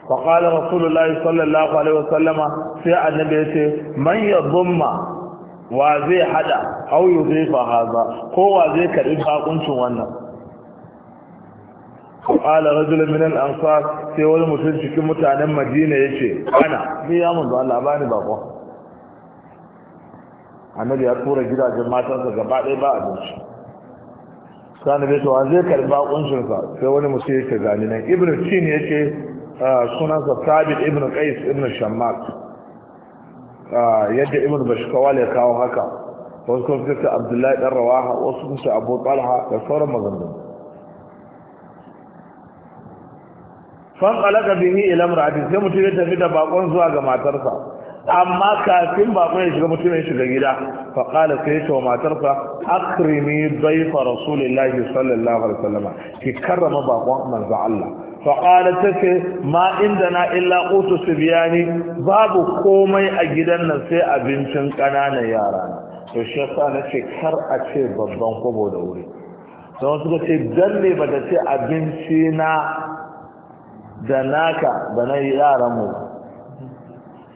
فقال رسول الله صلى الله sai annabi ya ce من يضم wa zai hada au yuzifa haza ko wa zai karbi bakuncin wannan qala rajul min al-ansar sai wani mutum cikin mutanen Madina yace ana ni ya mun da Allah bani bako annabi ya tura gidajen sa gaba ɗaya ba abinci sani bai wa zai karɓi sa sai wani mutum yace gani nan ibn yace sunan ah, sunansa sabit ibn qais ibn shammak yadda ibn bashkawal ya kawo haka wasu kuma suka abdullahi dan rawaha wasu kuma abu talha da sauran maganganu fan alaka bihi ila imra'ati sai mutum ya tafi da bakon zuwa ga matarsa amma kafin bakon ya shiga mutum ya shiga gida fa qala sai ta matarsa akrimi bayfa rasulillahi sallallahu alaihi wasallam ki karrama bakon manzo Allah faƙala ta ce ma inda na illa ƙutu su biya ni babu komai a gidan nan sai abincin ƙananan yara to shi yasa na ce kar a ce babban kwabo da wuri don suka ce dalle ba ta ce abinci na da naka da na yaran mu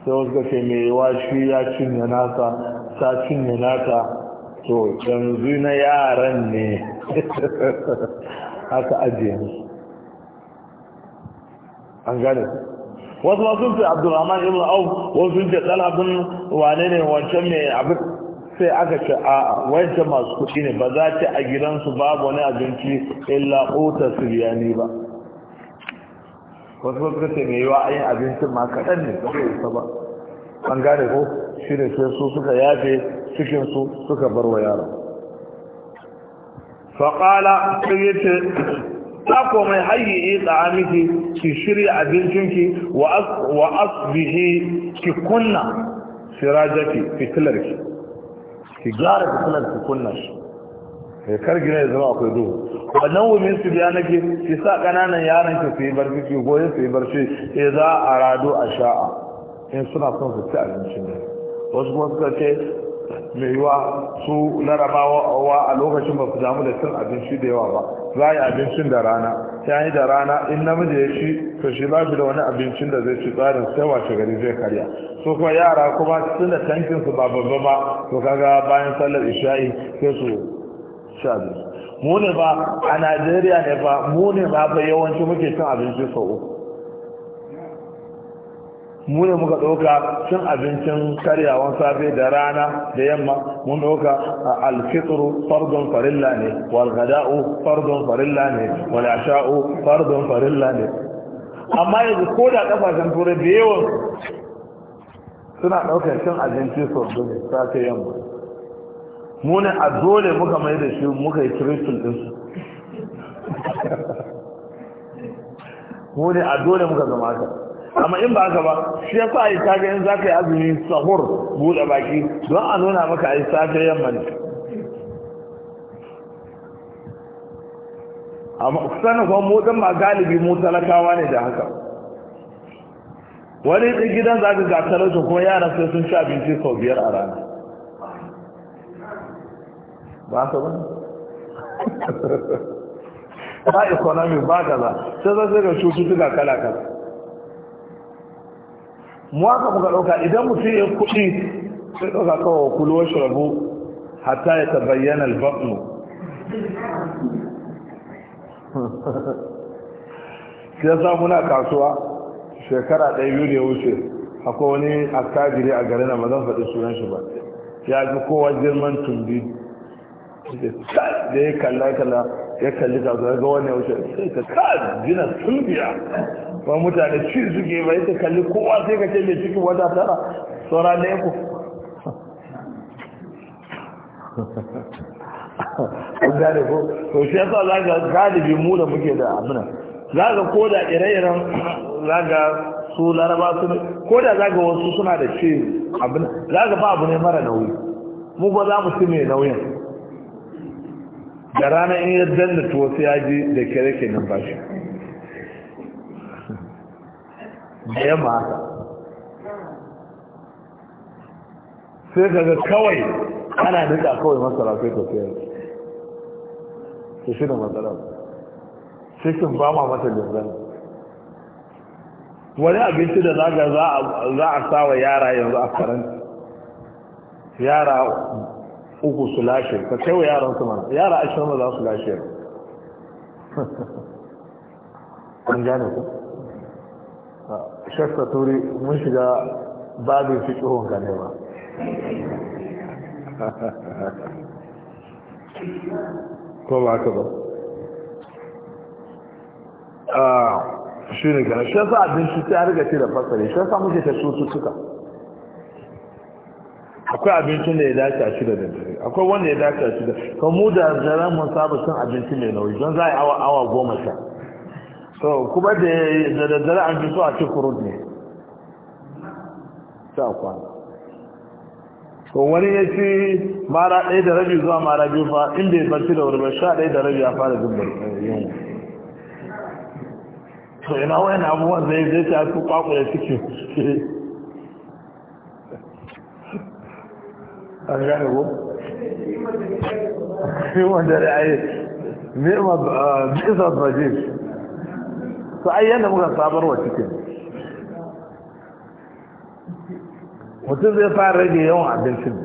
sai wasu ka ce mai yawa shi ya cinye nasa ta cinye naka to yanzu na yaran ne haka ajiye musu an gane su wasu masu sun fi Abdulrahman ibn au wasu sun ce talabin wane ne wancan mai abin sai aka ce a wancan masu kuɗi ne ba za ta a gidansu babu wani abinci illa ƙota siriyani ba wasu suka ce mai yiwa ayin abincin ma kaɗan ne ba isa ba an gane ko shi ne sai su suka yafe cikinsu suka bar wa yaron faƙala sun yi ce tako mai hayi hayyi ta'amiki ki shirya abincinki wa wa asbihi ki kunna firajaki fitilarki ki gyara fitilar ki kunna shi sai eh, kar gina ya zama akwai duhu wannan wumin su biya nake ki sa kananan yaran ki su yi barci ki goye su yi barci sai eh, za a rado a sha'a in suna son su ci abincin ne wasu kuma suka ce mai yiwa su larabawa a lokacin ba su damu da cin abinci da yawa ba za a yi abincin da rana sai yi da rana in namiji ya ci to shi ba shi da wani abincin da zai ci tsarin sai wace gari zai karya so kuma yara kuma suna tankin su ba babba ba to kaga bayan sallar isha'i sai su sha mu ne ba a najeriya ne ba mu ne ba yawanci muke cin abinci sau uku mu ne muka ɗauka cin abincin karyawan safe da rana da yamma mun ɗauka alfitru fardun farilla ne wal gada'u fardun farilla ne wal asha'u fardun farilla ne amma yanzu ko da kafashen turai da yawan suna ɗaukar cin abinci sau ne safe yamma mu ne a dole muka mai da shi muka yi kristin ɗinsu [LAUGHS] mu ne a dole muka zama haka amma in ba haka ba shi ya sa yi ga ganin za ka yi azumi sahur buɗe baki don a nuna maka a yi safe yamma ne amma sanin kuma motan ba galibi mu talakawa ne da haka wani ɗin gidan za ka ga talaucin kuma yaran sai sun sha abinci sau biyar a rana ba ka ba [LAUGHS] ba economy ba kaza sai zai ga cututtuka kala-kala mu aka muka ɗauka idan mutum ya kuɗi sai ɗauka kawai kulu shi shirabu hatta ya tabayyana albatnu sai sa muna kasuwa shekara ɗaya biyu ne wuce akwai wani attajiri a garin amma zan faɗi sunan shi ba ya fi kowa girman tumbi da ya kalla kalla ya kalli kasuwa ga wani ya wuce sai ka gina tumbiya ba mutane ci suke bai ta kalli kowa sai ka ce mai cikin wata tara saura da yako gane ko to shi yasa za ga galibi mu da muke da amina za ga ko da ire-iren za ga su laraba su ko da za ga wasu suna da ce abin za ga ba abu ne mara nauyi mu ba za mu ci mai nauyin da rana in ya da tuwo sai ya ji da kere ke nan bashi da yamma haka sai kaga kawai ana nika kawai masara sai ta sayar ta shi da matsala sai kin ba ma mata jirgin wani abinci da zaga za a sa wa yara yanzu a faranti yara uku su lashe ka kai wa yaran su mana yara ashirin za su lashe [LAUGHS] an gane ku shasta turi mun shiga babin fi tsohon ka ne ba ko ba ka ba ah, shi ne gane shi yasa abin shi ta harga ce da fasari shi yasa muke ta cututtuka akwai abincin da ya dace a shida da dare akwai wanda ya dace a shida kan mu da zaren mun saba cin abinci mai nauyi don za a yi awa goma sha so kuma da daddare an fito a cikin ne ta kwana so wani ya ci mara ɗaya da rabi zuwa mara biyu fa inda ya barci da wuri sha ɗaya da rabi ya fara zubar eh, yin so ina wani abubuwan zai zai ta su kwakwa ya ciki [LAUGHS] an gane ko? yi [LAUGHS] wanda da ya yi ma bisa ah, bajin to ai yadda muka wa cikin mutum zai fara rage yawan abincin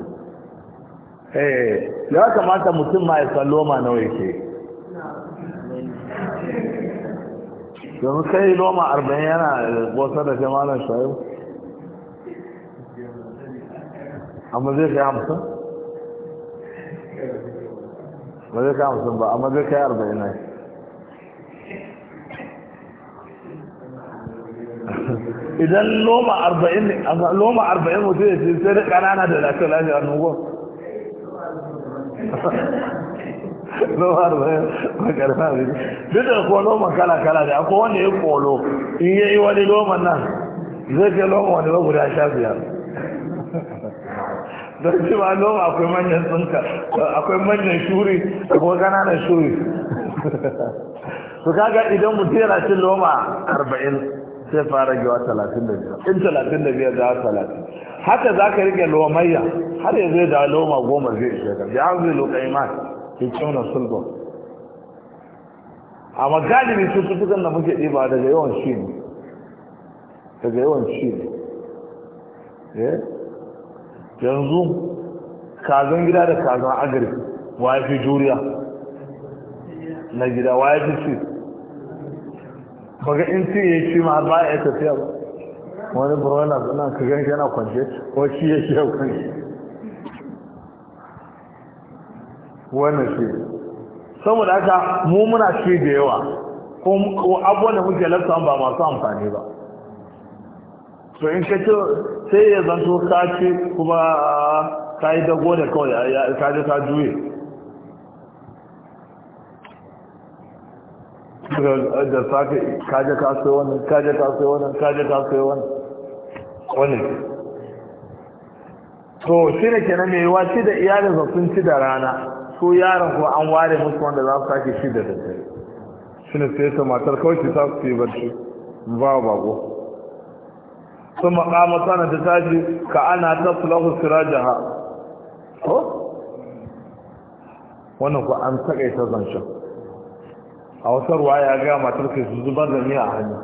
eh, ya kamata mutum ma ya san ma nawa yake yanzu kai loma arba'in yana gosa da jamalar shayu amma zai kai hamsin ba zai kai hamsin ba amma zai kai arba'in na shi idan loma arba'in ne loma arba'in mutum ya ce sai da kanana da lafiya lafiya nugon loma arba'in makarfa ne duk da kuwa loma kala kala da akwai wanda ya kolo in ya yi wani loman nan zai ce loma wani ba guda sha biyar [LAUGHS] don ci ba loma akwai manyan tsinka akwai manyan shuri akwai kananan shuri su [LAUGHS] kaga idan mutu yana cin loma arba'in sai fara da 35 in 35 da 30 haka za ka rike lomayya har ya zai da loma goma zai ishe ka ya zai loka iman ke cewa sulba amma galibi cututtukan da muke ɗiba daga yawan shi ne daga yawan shi ne eh? yanzu kazan gida da kazan agri wa ya fi juriya na gida wa ya fi shi baga in ci ya ci ma ba ya tafiya ba wani burwana suna ka gan yana kwance ko shi ya shi haukan shi wannan shi saboda haka mu muna shi da yawa ko abubuwan da muke lafta ba masu amfani ba to in ka ce sai ya zanto ka ce kuma ka yi dago da kawai ka ji ka juye da safe kaje ka sai wannan kaje ka sai wannan kaje ka sai wannan wannan to shi ne kenan mai yiwa shi da iyalinsa sun ci da rana su yaran ko an ware musu wanda za su sake shi da daddare shi ne sai ta matar kawai ta sa su yi barci ba wa bako sun makama sana ta tashi ka ana ta fulahu siraja ha ko wannan ko an taƙaita zancen a wata ruwa ya gaya matar ka su zubar da miya a hannu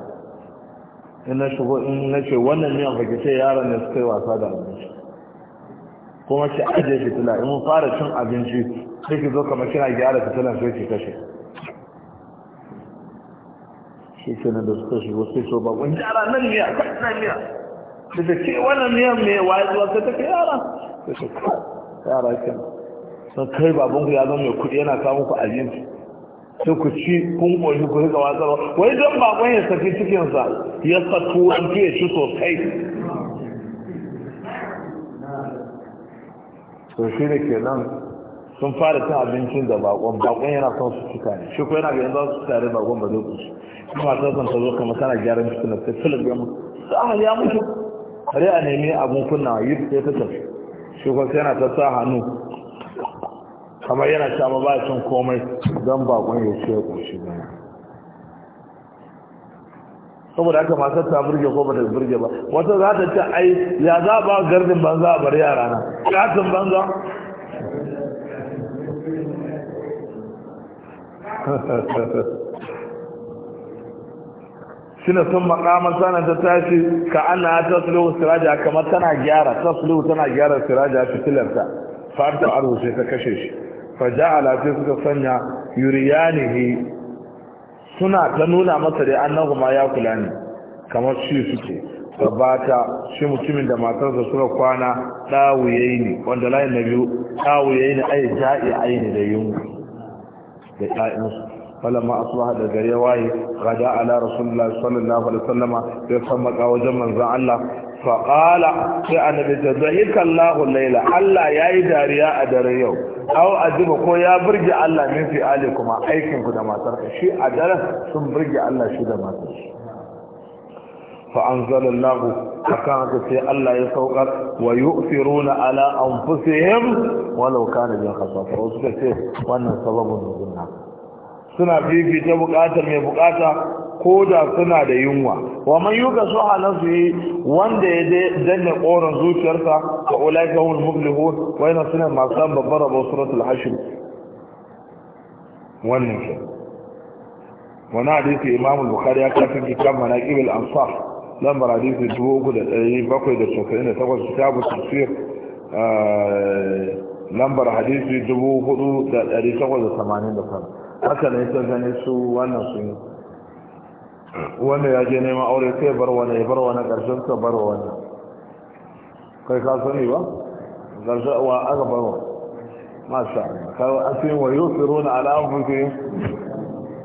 in na shigo in na ce wannan miyan fa ce yaron ne su kai wasa da abinci kuma ce ajiye fitila in mun fara cin abinci sai ki zo kamar kina gyara fitilan sai ki kashe shi ke da suka shigo sai so ba kun gyara nan miya kai nan miya da ta ce wannan miyan ya waye zuwa sai ta kai yara sai ta kai yara kenan sun kai babanku ya zama mai kuɗi yana kawo ku abinci sai ku ci kun ƙoshi ku rika watsarwa wai don bakon ya saki cikinsa ya sattu an fiye shi sosai to shi ne ke nan sun fara cin abincin da bakon bakon yana son su cika ne shi ko yana ga yanzu su tare bakon ba zai kusa kuma a son ta zo kama tana gyaran na sai filin gama su sa'an ya mutu kare a nemi abun kunna yi sai ta tafi shi ko sai yana ta sa hannu kamar yana cewa ba cin komai don bakon ya ce ya ƙoshi ba saboda haka masu ta burge ko ba ta burge ba wata za ta ce ai ya za ba gardin banza a bar yara na katin banza [LAUGHS] shine sun makamar sana ta tashi ka ana ta sulhu siraja kamar tana gyara ta sulhu tana gyara siraja fitilarta fata arwo sai ta kashe shi faja'ala sai suka sanya yuriyanihi suna ta nuna masa da annahu ma ya kula ne kamar shi suke gabata shi mutumin da matarsa suka kwana dawuyayi ne wanda layin na biyu dawuyayi ne ai ja'i ne da yunwa da ƴaƴansu فلما أصبح دقريواي gada ala rasulullahi sallallahu alaihi wasallama sai وسلم يسمى wajen من Allah. faƙala sai annabi ta zahika Allahu laila Allah ya yi dariya a daren yau au ajiba ko ya burge Allah min fi ali kuma aikin ku da matar shi a daren sun burge Allah shi da matar shi fa anzalallahu akan haka sai Allah ya saukar wa yu'thiruna ala anfusihim walau kana bi khasafa suka ce wannan sababun nuzulna suna fifita bukatar mai bukata ko da suna da yunwa wa man yuka su nafsihi wanda ya danne koran zuciyarsa fa ulaika humul muflihun wa ina suna masu babbar rabo suratul hashr wannan shi wani hadisi imam bukhari ya kafin kitab manaqib al-ansar lambar hadisi takwas, kitabu tafsir eh, lambar hadisi 4889 haka ne sai ganin su wannan sunan. wanda ya je neman aure sai bar wani ya bar wani ƙarshen ka bar wani kai ka sani ba ƙarshen wa aka bar wani masha Allah kawai asin wa yusiru na ala'amfusi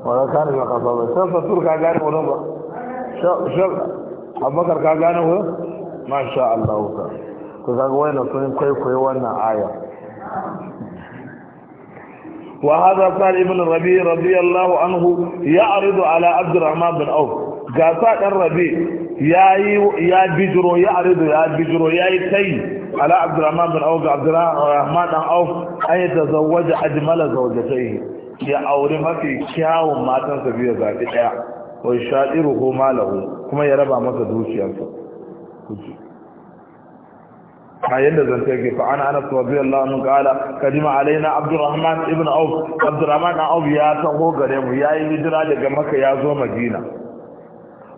wadda ka nufin kasa ba shan fasur ka gane wani ba shan abubakar ka gane wani masha Allah ka ku zaga wani sun kwaikwayo wannan aya وهذا سعد بن الربيع رضي الله عنه يعرض على عبد الرحمن بن rabi ya yi ya bijiro ya arido ya bijiro ya yi kai ya auri mafi kyawun matan sa biyu zaɓi ɗaya wa ko malahu kuma ya raba kayan da zanta yake fa ana anas radiyallahu anhu kala kadima alaina abdurrahman ibn auf abdurrahman auf ya taho gare mu yayi hijira daga makka ya zo madina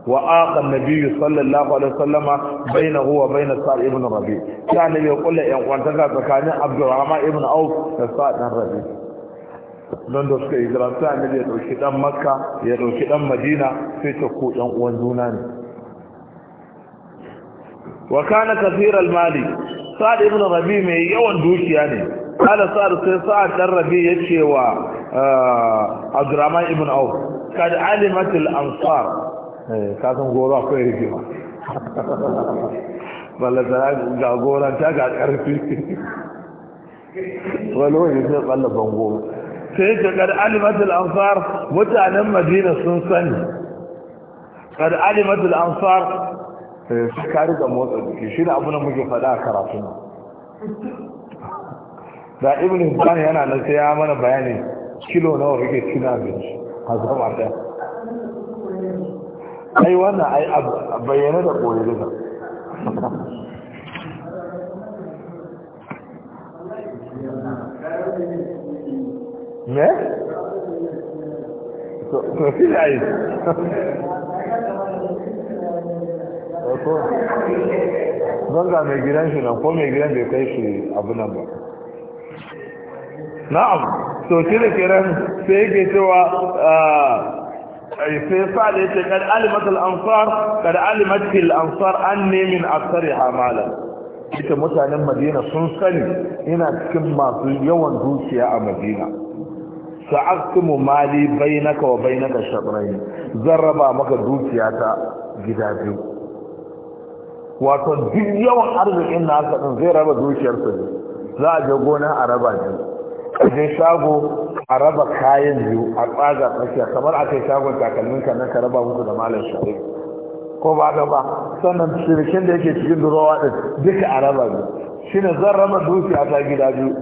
wa aqa an-nabiy sallallahu alaihi wasallama bainahu wa bain sa'd ibn rabi ya ne ya kulla yan kwantaka tsakanin abdurrahman ibn auf da sa'd ibn rabi don da suka hijira sai ne ya dauki dan makka ya dauki dan madina sai ta ko yan uwan juna ne wa kana kathira al-mali sa'ad ibn rabi mai yawan dukiya ne kada sa'ad sai sa'ad dan rabi yace wa abdurrahman ibn auf kad alimat al-ansar ka san goro akwai rigima balle da ga goran ta ga karfi wani wani sai balle bango sai ka kad alimat al-ansar mutanen madina sun sani kad alimat al-ansar Eh, sai ka riga motsa jiki shi da abu na muke faɗa a karatu na da ibn hibban yana nan sai ya mana bayani kilo nawa kake cin abinci a zama ɗaya ai wannan ai bayyana da koyi daga me? to fi da yi ko don ga mai gidan shi nan ko mai gidan bai kai shi abu nan ba na'am So shi da kiran sai yake cewa ah, sai sa da yake kad alimat al-ansar kad alimat fil ansar anni min aktsariha malan ita mutanen madina sun sani ina cikin masu yawan dukiya a madina sa'aqtumu mali bainaka wa bainaka shabrai zarraba maka dukiyata gida biyu wato duk yawan arzikin na haka ɗin zai raba dukiyarsa ne za a je gona a raba biyu a shago a raba kayan biyu a tsaga tsakiya kamar a kai shagon takalmin ka nan ka raba musu da malam shari'a ko ba da ba sannan shirikin da yake cikin durowa ɗin duka a raba biyu shine zan raba dukiya ta gida biyu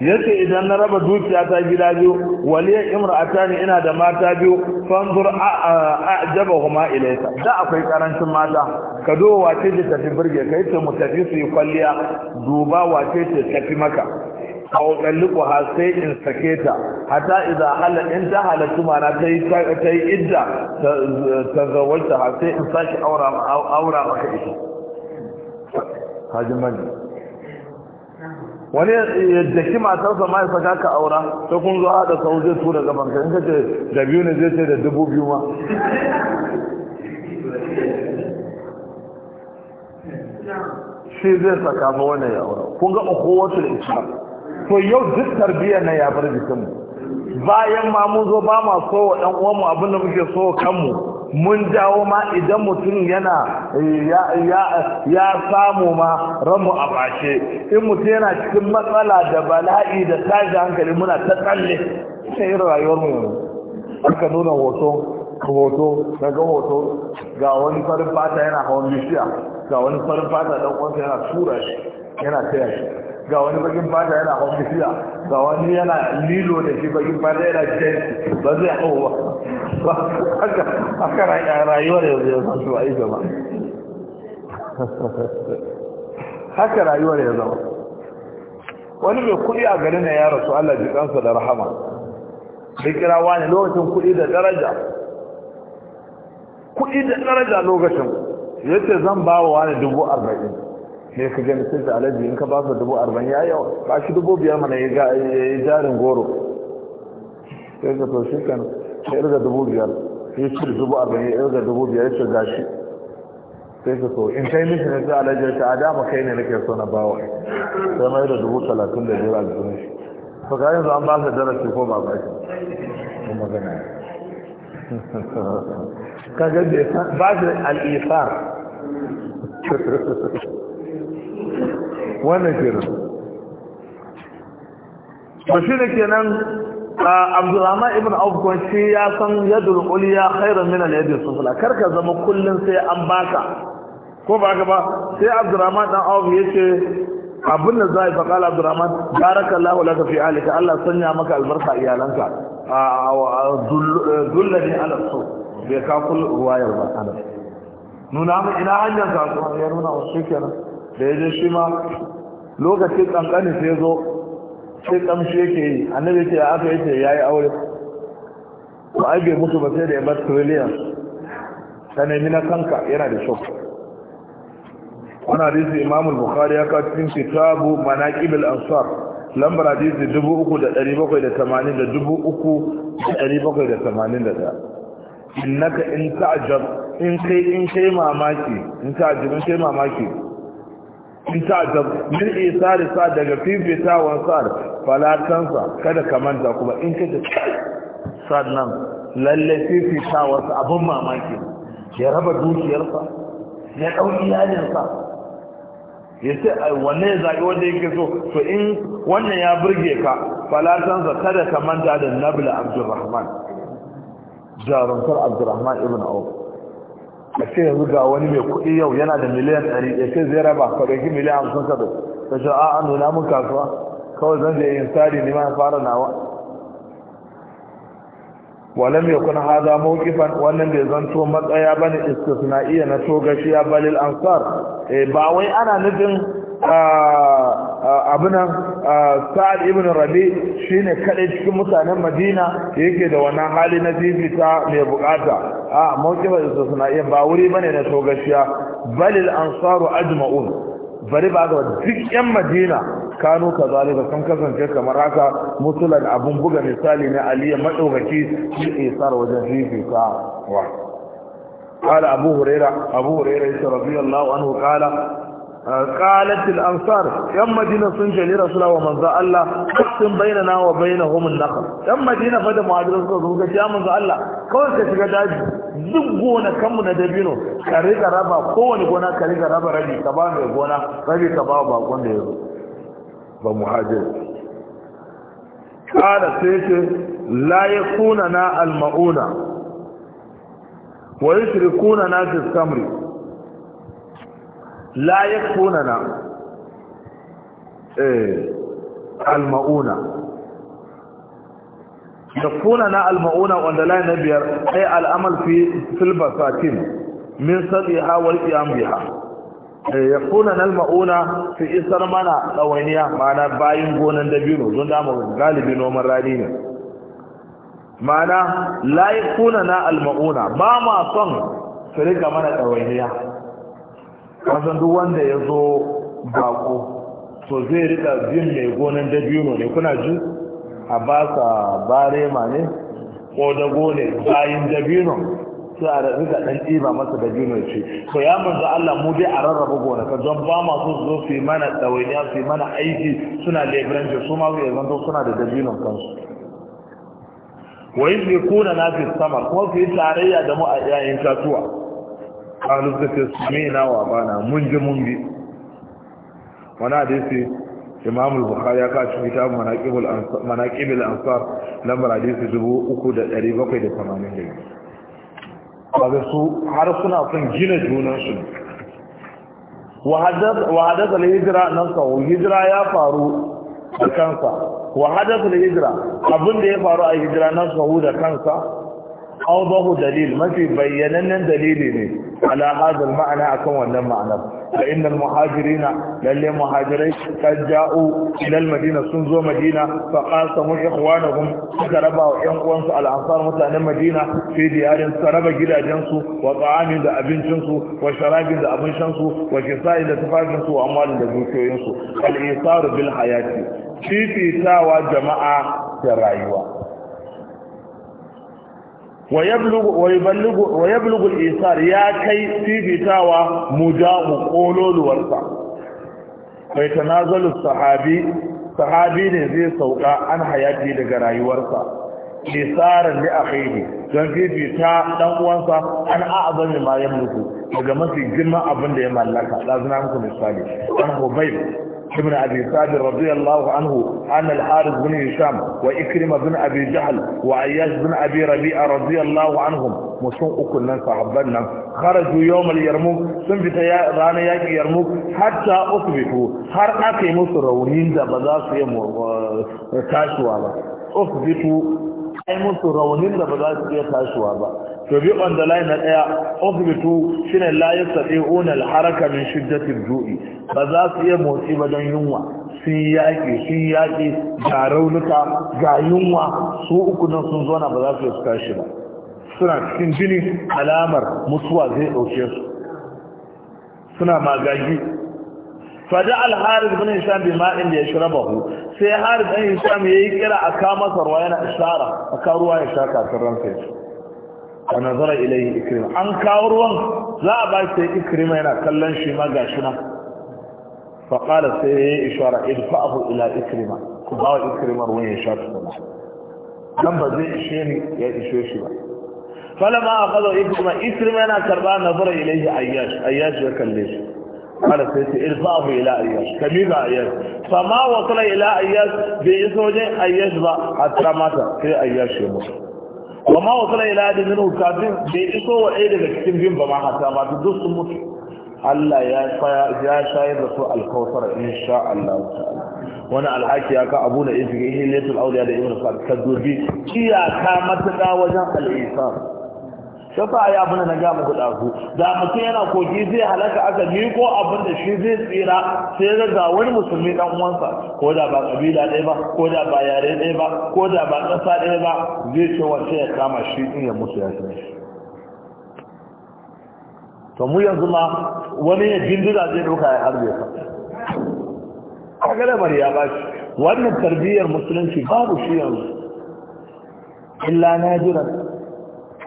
yace idan na raba dukiya ta gida biyu waliya imra'ata ne ina da mata biyu fanzur a'jabahuma ilayka da akwai karancin mata ka do wace ce tafi burge kai ce mu tafi su yi kwalliya duba wace ce tafi maka aw qalliqu ha sai in sake ta hatta idza hala ta halatu mana tai tai idda tazawwalta ha sai in saki aura aura maka ita wani yadda ki matarsa ma ya saka ka aura ta kun zo haɗa sau zai tura gaban ka in ka ce da biyu ne zai ce da dubu biyu ma shi zai saka ma wannan ya aura kun ga uku da ita. to yau duk tarbiyyar na ya bar jikinmu bayan ma mun zo ba ma so wa ɗan uwanmu abin da muke so kanmu mun dawo ma idan mutum yana ya samu ma ranmu a bashe in mutum yana cikin matsala da bala'i da tashi hankali muna ta tsalle yi rayuwar mu yanzu aka nuna hoto hoto daga hoto ga wani farin fata yana hawan bishiya ga wani farin fata dan uwansa yana tura shi yana taya shi ga wani bakin fata yana hawan bishiya ga wani yana lilo da shi bakin fata yana jenti ba zai hau ba ba haka rayuwar yanzu ya zama ita ba haka rayuwar ya zama wani mai kuɗi a garin na ya rasu Allah ji kansa da rahama da kira wani lokacin kuɗi da daraja kuɗi da daraja lokacin ce zan ba wa wani dubu arba'in ne ka gani sai da alaji in ka ba su dubu arba'in ya yawa ba shi dubu biyar mana ya jarin goro sai ka to shi sai irga dubu biyar sai cire dubu arba'in ya irga dubu biyar ya ce gashi sai ka so in kai mishi na sai alajar ta adama kai ne nake so na bawa sai mai da dubu talatin da biyar a jikin shi to ka yanzu an ba ka darasi ko ba ba shi magana [LAUGHS] ka ga ba shi al'isa [LAUGHS] wannan kenan to shi ne kenan abdulrahman ibn auf kun shi ya san yadul uliya khairun min al-yadi sufla karka zama kullun sai an baka ko ba ka ba sai abdulrahman dan auf yace abin da zai faɗa abdulrahman barakallahu laka fi alika Allah sanya maka albarka iyalanka a dullani ala su bai ka kul ruwayar ba ana nuna mu ina hanyar ka ya nuna wa shi kenan da ya je shi ma lokacin kankani sai zo sai kamshi yake yi annabi ce aka yace yayi aure ba ai mutu ba sai da ya bar trillion ta nemi na kanka yana da shop wani hadisi imamul bukhari ya kawo cikin kitabu manaqibul ansar lambar hadisi dubu uku da ɗari bakwai da tamanin da dubu uku da ɗari bakwai da tamanin da ɗaya innaka in ta'ajab in kai in kai mamaki in ta'ajab in kai mamaki in ta'ajab min isari sa daga fifitawan sa'ar falatansa kada ka manta kuma in ka ji sannan lalle fifita wasu abin mamaki ya raba dukiyarsa ya ɗau iyalinsa ya ce wanne ya zaɓi wanda yake so to in wannan ya burge ka falatansa kada ka manta da Nabila abdurrahman jarumtar abdurrahman ibn auf a ce yanzu ga wani mai kuɗi yau yana da miliyan ɗari. ya ce zai raba kwadaki miliyan 50 ta ce a nuna mun kasuwa kawai zan je yin tsari ne ma fara nawa mai kuna hada mawqifan wannan bai to matsaya bane istisna'iyya na to gashiya balil ansar eh ba wai ana nufin ah, ah, abunan ah, sa'ad ibn rabi shine kadai cikin mutanen madina yake da wannan hali na fifita mai bukata a mawqifan istisna'iyya ba wuri bane na to gashiya balil ansaru ajma'un bari ba ga duk yan madina kano ka sun kasance kamar haka musulan abun buga misali na aliyu madaukaki shi isar wajen fifita wa قال أبو هريرة أبو هريرة رضي الله عنه قال qalatil ansar yan madina sun ce ni rasulullah wa manzo Allah sun bainana wa bainahum an-nakhal yan madina fa da muhajirin suka zo ga ya manzo Allah kawai ka shiga daji duk gona kanmu na dabino ka riga raba kowane gona ka riga raba rabi ka ba mai gona rabi ka ba bakon da yazo ba muhajir kada sai ce la yakuna na al-mauna wa yushrikuna na fi samri لا يكفوننا eh إيه، al-mauna المؤونة وأن لا نبير أي الأمل في في البساتين من صديها والقيام بها إيه، يكوننا المؤونة في إسر منا لوينيا معنا باين قونا دبينو دون دام غالبين ومرانين معنا لا يكوننا المؤونة ما ما صنع فريق منا لوينيا kasan duk wanda ya zo bako to zai rika bin mai gonan dabino ne kuna ji a ba sa barema ne ko dago ne bayan dabino sai a rika dan ɗiba masa dabino ce to ya manzo Allah mu dai a rarraba gonaka don ba ma su zo fi mana ɗawainiya su mana aiki suna leburanci su ma zai zanto suna da dabinon kansu wa yi kuna na fi sama kuma kuyi tarayya da mu a yayin kasuwa kalu suka ce su mena wa bana mun ji mun bi wani hadisi imam imamul bukhari ya kawo kitab manaqib al-ansar lambar hadisi da kaga su har suna son gina junan su wa hadatha al nan ka hijra ya faru da kansa wa hadatha al-hijra abin da ya faru a hijra nan ka da kansa awdahu dalil mafi bayyanannen dalili ne ala ma'ana akan wannan ma'anar Da innal muhajirina lallai muhajirai kan ja'u ila madina sun zo madina fa qasamu ikhwanahum suka raba wa ƴan uwansu al mutanen madina fi diyarin suka raba gidajensu, wa ta'amin da abincin su wa sharabin da abin shan su wa kisai da tufafin su wa amwalin da dukiyoyinsu. Al'isaru bil hayati fifitawa jama'a da rayuwa wa yablugul isar ya kai fifitawa mujahu kololuwarsa bai tanazalu sahabi sahabi ne zai sauka an hayati daga rayuwarsa isaran li akhihi don fifita dan uwansa an a'azami ma yamliku daga mafi girman abin da ya mallaka lazina muku misali an ابن أبي سعد رضي الله عنه أن الحارث بن هشام وإكرم بن أبي جهل وعياش بن أبي ربيع رضي الله عنهم مسلم أكل لن صحبنا خرجوا يوم اليرموك ثم رانا ياكي يرموك حتى أثبتوا هر أكي مصر رونين دا بذاسي تاشوا أثبتوا أي مصر رونين دا بذاسي تاشوا to bi on the line na daya usbitu shine la yastati'una al-haraka min shiddati al-ju'i ba za su iya motsi ba don yunwa sun yaƙi sun yaƙi ga raunuka ga yunwa su uku nan sun zo na ba za su iya shi ba suna cikin jini alamar mutuwa zai ɗauke su suna magagi faja alharis bin hisham bi ma'in da ya shirabahu sai haris bin ya yi kira a kama sarwa yana ishara a karuwa ya sha kafin ransa wa nazara ilayhi ikrima an kawo ruwan za a ba shi ikrima yana kallon shi ma gashi nan fa qala sai ya ishara idfa'ahu ila ikrima ku ba wa ikrima ruwan ya sha tukuna dan ba zai ishe ni ya ishe shi ba falama akhadha ikrima ikrima yana karba nazara ilayhi ayyash ayyash ya kalle shi قال سيدي ارفعه الى اياش كميغا اياش فما وصل الى اياش بإسوجين اياش با حتى مات في اياش يموت wa ma wasala ila adin minhu kafin bai iso wa ɗaya daga cikin bin ba ma hasa ba duk sun mutu Allah ya ya shayar da su alkawtar insha Allah wani alhaki ya ka abu da ifi ga ihilatul auliya da ibnu sa'd kadubi iyaka matuƙa wajen al-isar ya sa a abin da na ga muku su da mutum yana kogi zai halaka aka miko abin da shi zai tsira sai da ga wani musulmi dan uwansa ko da ba ƙabila ɗaya ba ko da ba yare ɗaya ba ko da ba ƙasa ɗaya ba zai ce wace ya kama shi in ya mutu ya shi to mu yanzu ma wani ya jindira zai ɗauka ya harbe ka kagarabar ya ba shi wannan tarbiyyar musulunci babu shi yanzu illa najiran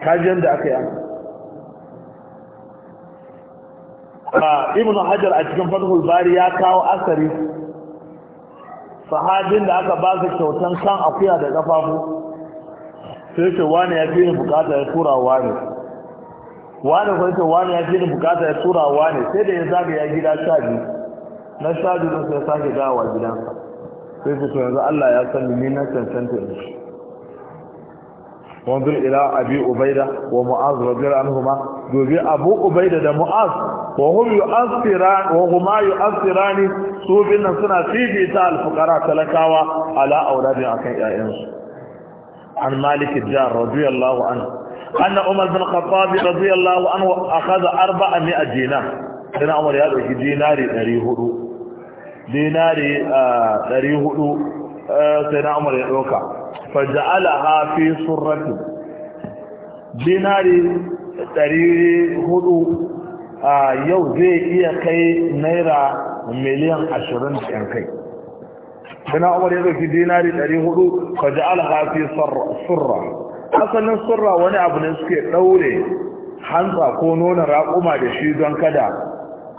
kajiyar da aka yi a ah, ibn hajar a cikin fathul bari ya kawo asari sahabin da aka ba su kyautan kan akuya da kafafu sai ce wani ya fi ni bukata ya tura wani wani kuma ce wani ya fi ni bukata ya tura wani sai da ya ya gida sha na sha biyu sai ya sake dawowa gidansa sai ce to yanzu Allah ya san ni na cancanta ne wanzur ila abi ubaida wa mu'az radiyallahu anhuma dobi abu ubaida da mu'az wa hum yu'assiran wa huma su bin suna fifita al-fuqara talakawa ala auladin akan iyayensu an malik ad-dar radiyallahu anhu anna umar bin khattab radiyallahu anhu akhadha 400 dinar dan umar ya dauki dinari 400 dinari 400 ah, sai na umar ya ɗauka faja'ala ha fi surrati dinari 400 a yau zai iya kai naira miliyan 20 da kai dina umar ya ɗauki dinari 400 faja'ala ha fi surra asalin surra wani abu ne suke ɗaure hantsa ko nuna raƙuma da shi don kada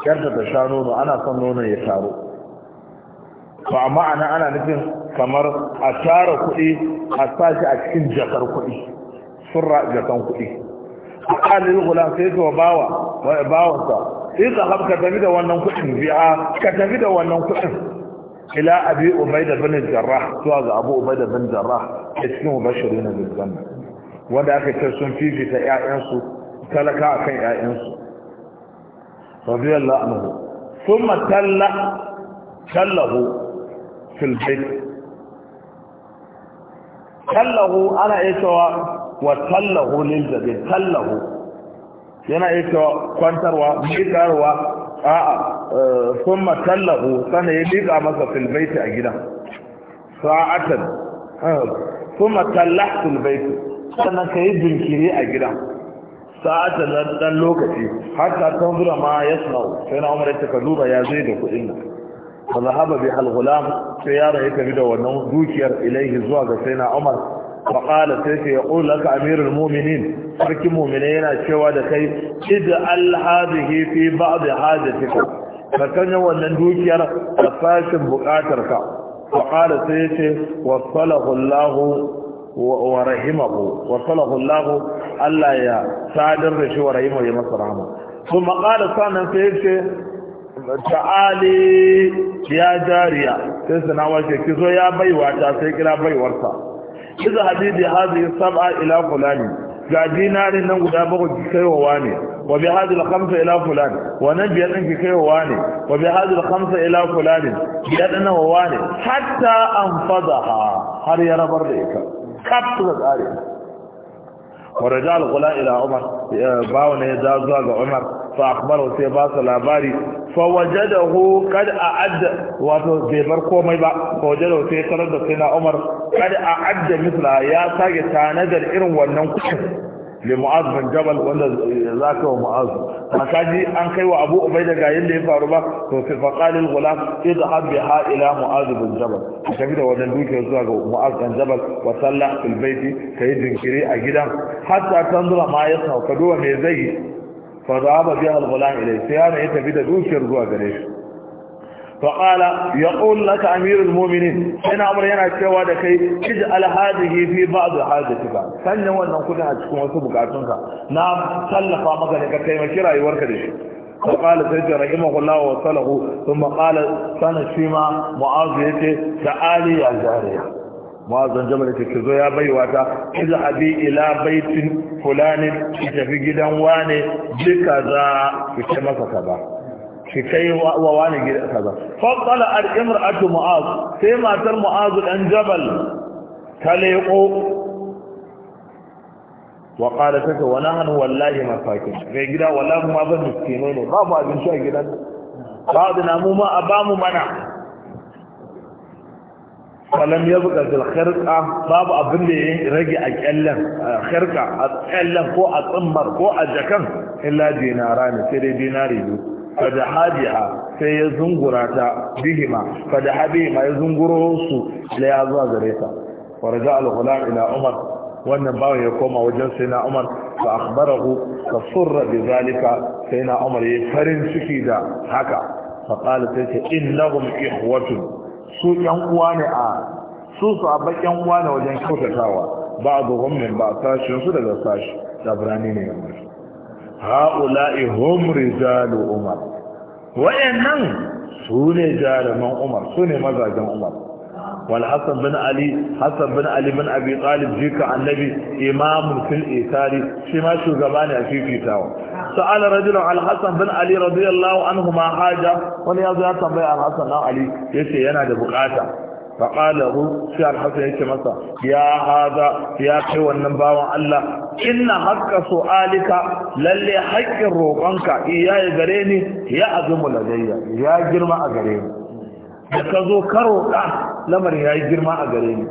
yarda ta sha nono ana son nonon ya taru to amma ana ana nufin kamar a tara kuɗi a sashi a cikin jakar kuɗi surra jakan kuɗi a ƙalil gulan sai ka bawa bawansa in ka hab ka tafi da wannan kuɗin bi'a ka tafi da wannan kuɗin ila abi ubaida bin jarrah zuwa ga abu ubaida bin jarrah a cikin mubashirin da janna wanda aka ce sun fifita ƴaƴansu talaka akan ƴaƴansu radiyallahu anhu thumma talla tallahu إيه إيه آه، آه، إيه؟ في البيت تلغوا انا ايه سواء وتلغوا للذبيب تلغوا هنا ايه سواء كونتروا ميتروا ثم تلغوا سنة يليق عمزة في البيت اجينا ساعة آه، ثم تلحت البيت سنة كيب انكيري اجينا ساعة لن لوكتي حتى تنظر ما يسمعوا فين عمر يتكلوبة يا زيدك وإنك fa zahaba bi al gulam sai yaro ya tafi da wannan dukiyar ilaihi zuwa ga sayyidina Umar fa qala sai ya yaqulu laka mu'minin Sarkin muminai yana cewa da kai id al hadhihi fi ba'd hajatika ka kanya wannan dukiyar a sashin bukatarka fa sai ya ce wasalahu Allah Allah ya sadar da shi wa rahimahu ya masa rahama kuma qala sanan sai ya ta'ali ya jariya sai sanawa ke kizo ya baiwa ta sai kira baiwarsa iza hadidi hadi sab'a ila fulani ga dinarin nan guda bako ki kaiwa ne wa bi hadi al-khamsa ila fulani wa nan biyar din ki kaiwa ne wa bi hadi al-khamsa ila fulani biyar din wa ne hatta anfadaha har ya rabar da ita kafta da tsari waraja al-ghula ila umar bawo ne ya zuwa ga umar fa akhbaro sai ba su labari fa wajadahu kad a'adda wato bai bar komai ba fa wajadahu sai tarar da sai na umar kad a'adda mithla ya sake tanadar irin wannan kuɗin li mu'az bin jabal wanda zaka wa mu'az makaji an kai wa abu ubaida ga yanda ya faru ba to fi faqalil gulam idhab biha ila mu'az bin jabal tafi da wannan dukiyar zuwa ga mu'az bin jabal wa salla fil baiti kai a gidan hatta tanzura ma ya sauka duwa me zai fa zaba biha al gulam ilai sai ya tafi da dukiyar zuwa gare shi فقال يقول لك أمير المؤمنين إن أمر ينعك وادكي اجعل هذه في بعض حاجتك سنة وأن نقول هاتكم وسبك عشانك نعم سلفا مكانك كيما كرا يورك دي فقال سيدي رحمه الله وصله ثم قال سنة شيما معاذ يتي تعالي يا جارية mawazan jamal da ke zo ya baiwa ta iza abi ila baitin fulani ki tafi gidan wane duka za ku ce masa kaza ki kai wa wani gida kaza faɗala al'imratu mu'az sai matar mu'az dan jabal ta leƙo wa ƙara ta ce wani hannu wallahi mafakin mai gida wallahi ma ban miskinai ne babu abinci a gidan ba da namu ma a bamu mana falam ya buga zilkhirka babu abin da ya rage a kyallen khirka a kyallen ko a tsimmar ko a jakan illa dinara ne sai dai dinari biyu fada hajiha sai ya zungura ta bihima fada habima ya zunguro su da ya zuwa gare ta warga al-ghulam ila umar wannan bawan ya koma wajen sai na umar fa akhbarahu fa surra bi zalika sai na umar ya farin ciki da haka fa qala sai ce innahum su yan uwa ne a su su abba uwa ne wajen kyautatawa ba a min ba su daga sashi da birane ne yanzu ha'ula'i hum rijalu umar wayannan su jaruman umar sune ne mazajen umar wal hasan bin ali hasan bin ali bin abi talib jika annabi imamun fil itari shi ma shugaba ne a fifitawa sa'ala rajulun al hasan bin ali radiyallahu anhu ma haja wani yazo ya tambaya al hasan dan ali yace yana da bukata faƙalahu sai ya ce masa ya haza ya kai wannan bawan Allah inna haƙƙa su'alika lalle haƙƙin roƙonka iya ya gare ni ya azumu ladayya ya girma a gare ni da ka zo ka roƙa lamar ya yi girma a gare ni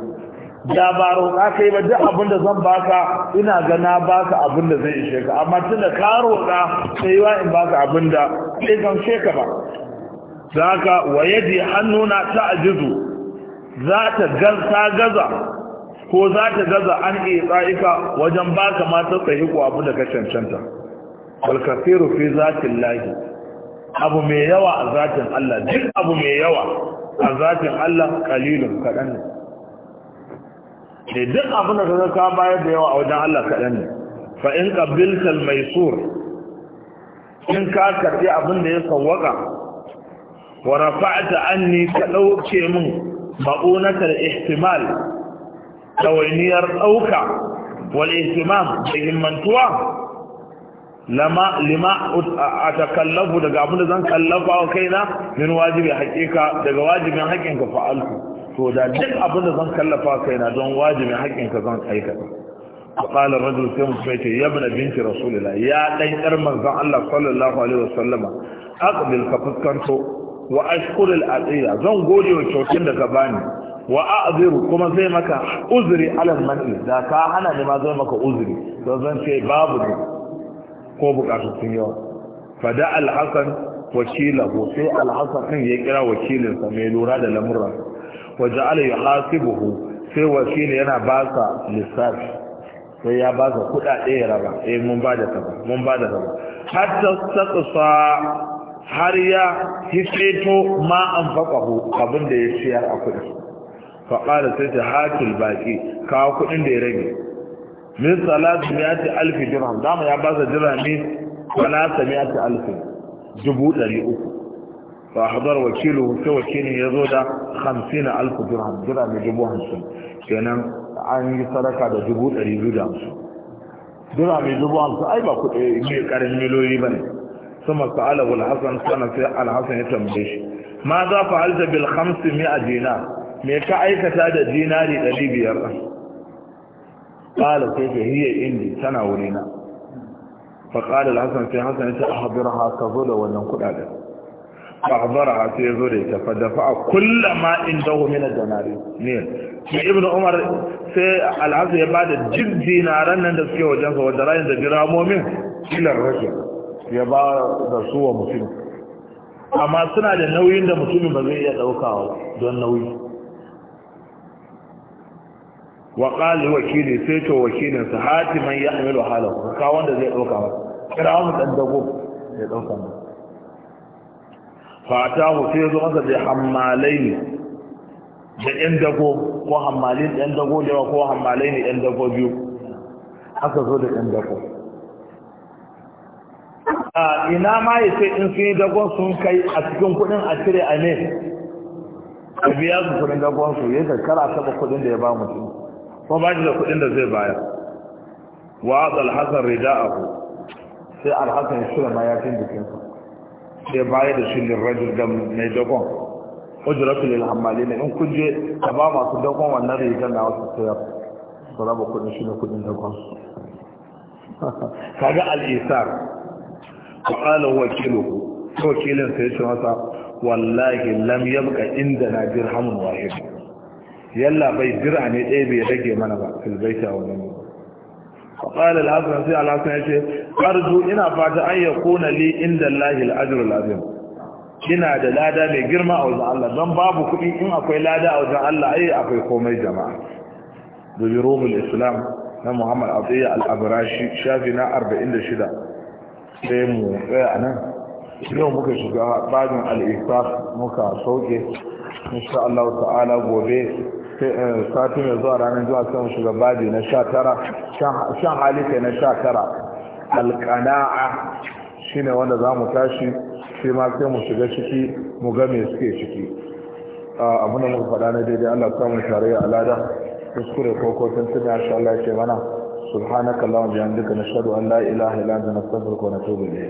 da ba roƙa kai ba duk abin da zan baka ina gana baka abin da zai ishe ka amma tunda ka roƙa sai wa in baka abin da zai gamshe ka ba za ka wayadi hannuna ta ajizu za ta gaza gaza ko za ta gaza an iya tsa'ika wajen ba ka mata sahiku abu da ka cancanta balkafiru fi zatin lahi abu mai yawa a zatin Allah duk abu mai yawa a zatin Allah kalilun kaɗan ne da eh, duk abu da ka ka bayar da yawa a wajen Allah kaɗan ne fa in qabiltal maisur in ka karbi abin da ya sawwaka wa rafa'ta anni ka dauke min ma'unatar ihtimal ɗawainiyar ɗauka wal ihtimam da himmantuwa lama lima a takallafu daga abin da zan kallafa wa kaina min wajibi haƙiƙa daga wajibin haƙinka fa'alku to da duk abin da zan kallafa kaina don wajibin haƙinka zan aikata فقال الرجل في مصبيته يا ابن بنت رسول الله يا دين ارمز الله صلى الله عليه وسلم اقبل فقد كنت wa ashkurul atiya zan gode wa kyautin da ka bani wa a'ziru kuma zai maka uzuri ala man'i da ka hana ni ma zai maka uzuri don zan ce babu ne ko bukatu sun yawa fada al-hasan wakilahu sai al-hasan din ya kira wakilinsa mai lura da lamuran wa ja'ala yuhasibuhu sai wakili yana ba sa lissafi sai ya ba ka kudade ya raba eh mun ba da kaza mun ba da hatta taqsa har ya hifeto ma an faƙahu abin da ya siyar a kuɗi faƙada sai ta hakil baƙi kawo kuɗin da ya rage min salatu ya ce alfi dirham dama ya ba sa dirhami salatu ya ce alfi dubu ɗari uku fa hadar wakilu sai wakilin ya zo da hamsin alfi dirham dirhami dubu hamsin kenan an yi sadaka da dubu ɗari biyu da hamsin dirhami dubu hamsin ai ba kuɗi ne ƙarin miliyoyi ba ne ثم ابو الحسن كان في الحسن يتمشي ماذا فعلت بال500 دينار ميكا أيكا تادا ديناري تليب قال كيف هي عندي سنة فقال الحسن في حسن يتأحضرها كذولة وننقل هذا فأحضرها في ذريك فدفع كل ما عنده من الدنار نيل في ابن عمر في الحسن بعد جد دينارا نندسكي وجنسه ودرائن درامومه إلى الرجل ya ba da su wa mutum amma suna da nauyin da mutumin ba zai iya ɗaukawa don nauyi wa ƙali wakili sai to wakilin hati hatiman ya amilu halahu ka wanda zai ɗauka wa kira wani ɗan dago ya ɗauka ba. fata ku sai zo masa da hammalai ne da ɗan dago ko hammalin ɗan dago da ko hammalai ne ɗan dago biyu aka zo da ɗan dago A ina ma ya ce in sun yi dagon sun kai a cikin kudin a cire a ne a biya su kudin dagon su ya kara saba kudin da ya ba mutum ko ba shi da kudin da zai bayar wa alhassan abu. sai alhassan ya shirya bikin jikinsa sai bayar da shirin rajin da mai dagon su lil hamali ne in kun je ka ba masu dagon wannan rida na wasu sayar su raba kudin shi da kudin dagon su [LAUGHS] kaga al'isar qala wakiluhu wakilin sai ce masa wallahi lam yabqa indana dirhamun wahid yalla bai jira ne ɗaya bai rage mana ba fil baiti aw lam qala al-hasan sai al-hasan yace arju ina fata an yakuna li inda lahi al-ajr ina da lada mai girma a wajen Allah don babu kuɗi in akwai lada a wajen Allah ai akwai komai jama'a dubi ruhul islam na muhammad abdiyya al-abrashi shafi na 46 mu tsaya a nan yau muka shiga babin al'isa muka sauke insha Allah ta'ala gobe eh, sati mai zuwa ranar zuwa sai mu shiga babi na sha tara shan halitta na sha tara alƙana'a shine wanda za mu tashi shi ma sai mu shiga ciki mu ga me suke ciki ah, abu da muka faɗa na daidai Allah samun shari'a alada kuskure ko ko tun tuna insha Allah ya ce mana subhanaka allahumma bihamdika nashhadu an la ilaha illa anta nastaghfiruka wa natubu ilayk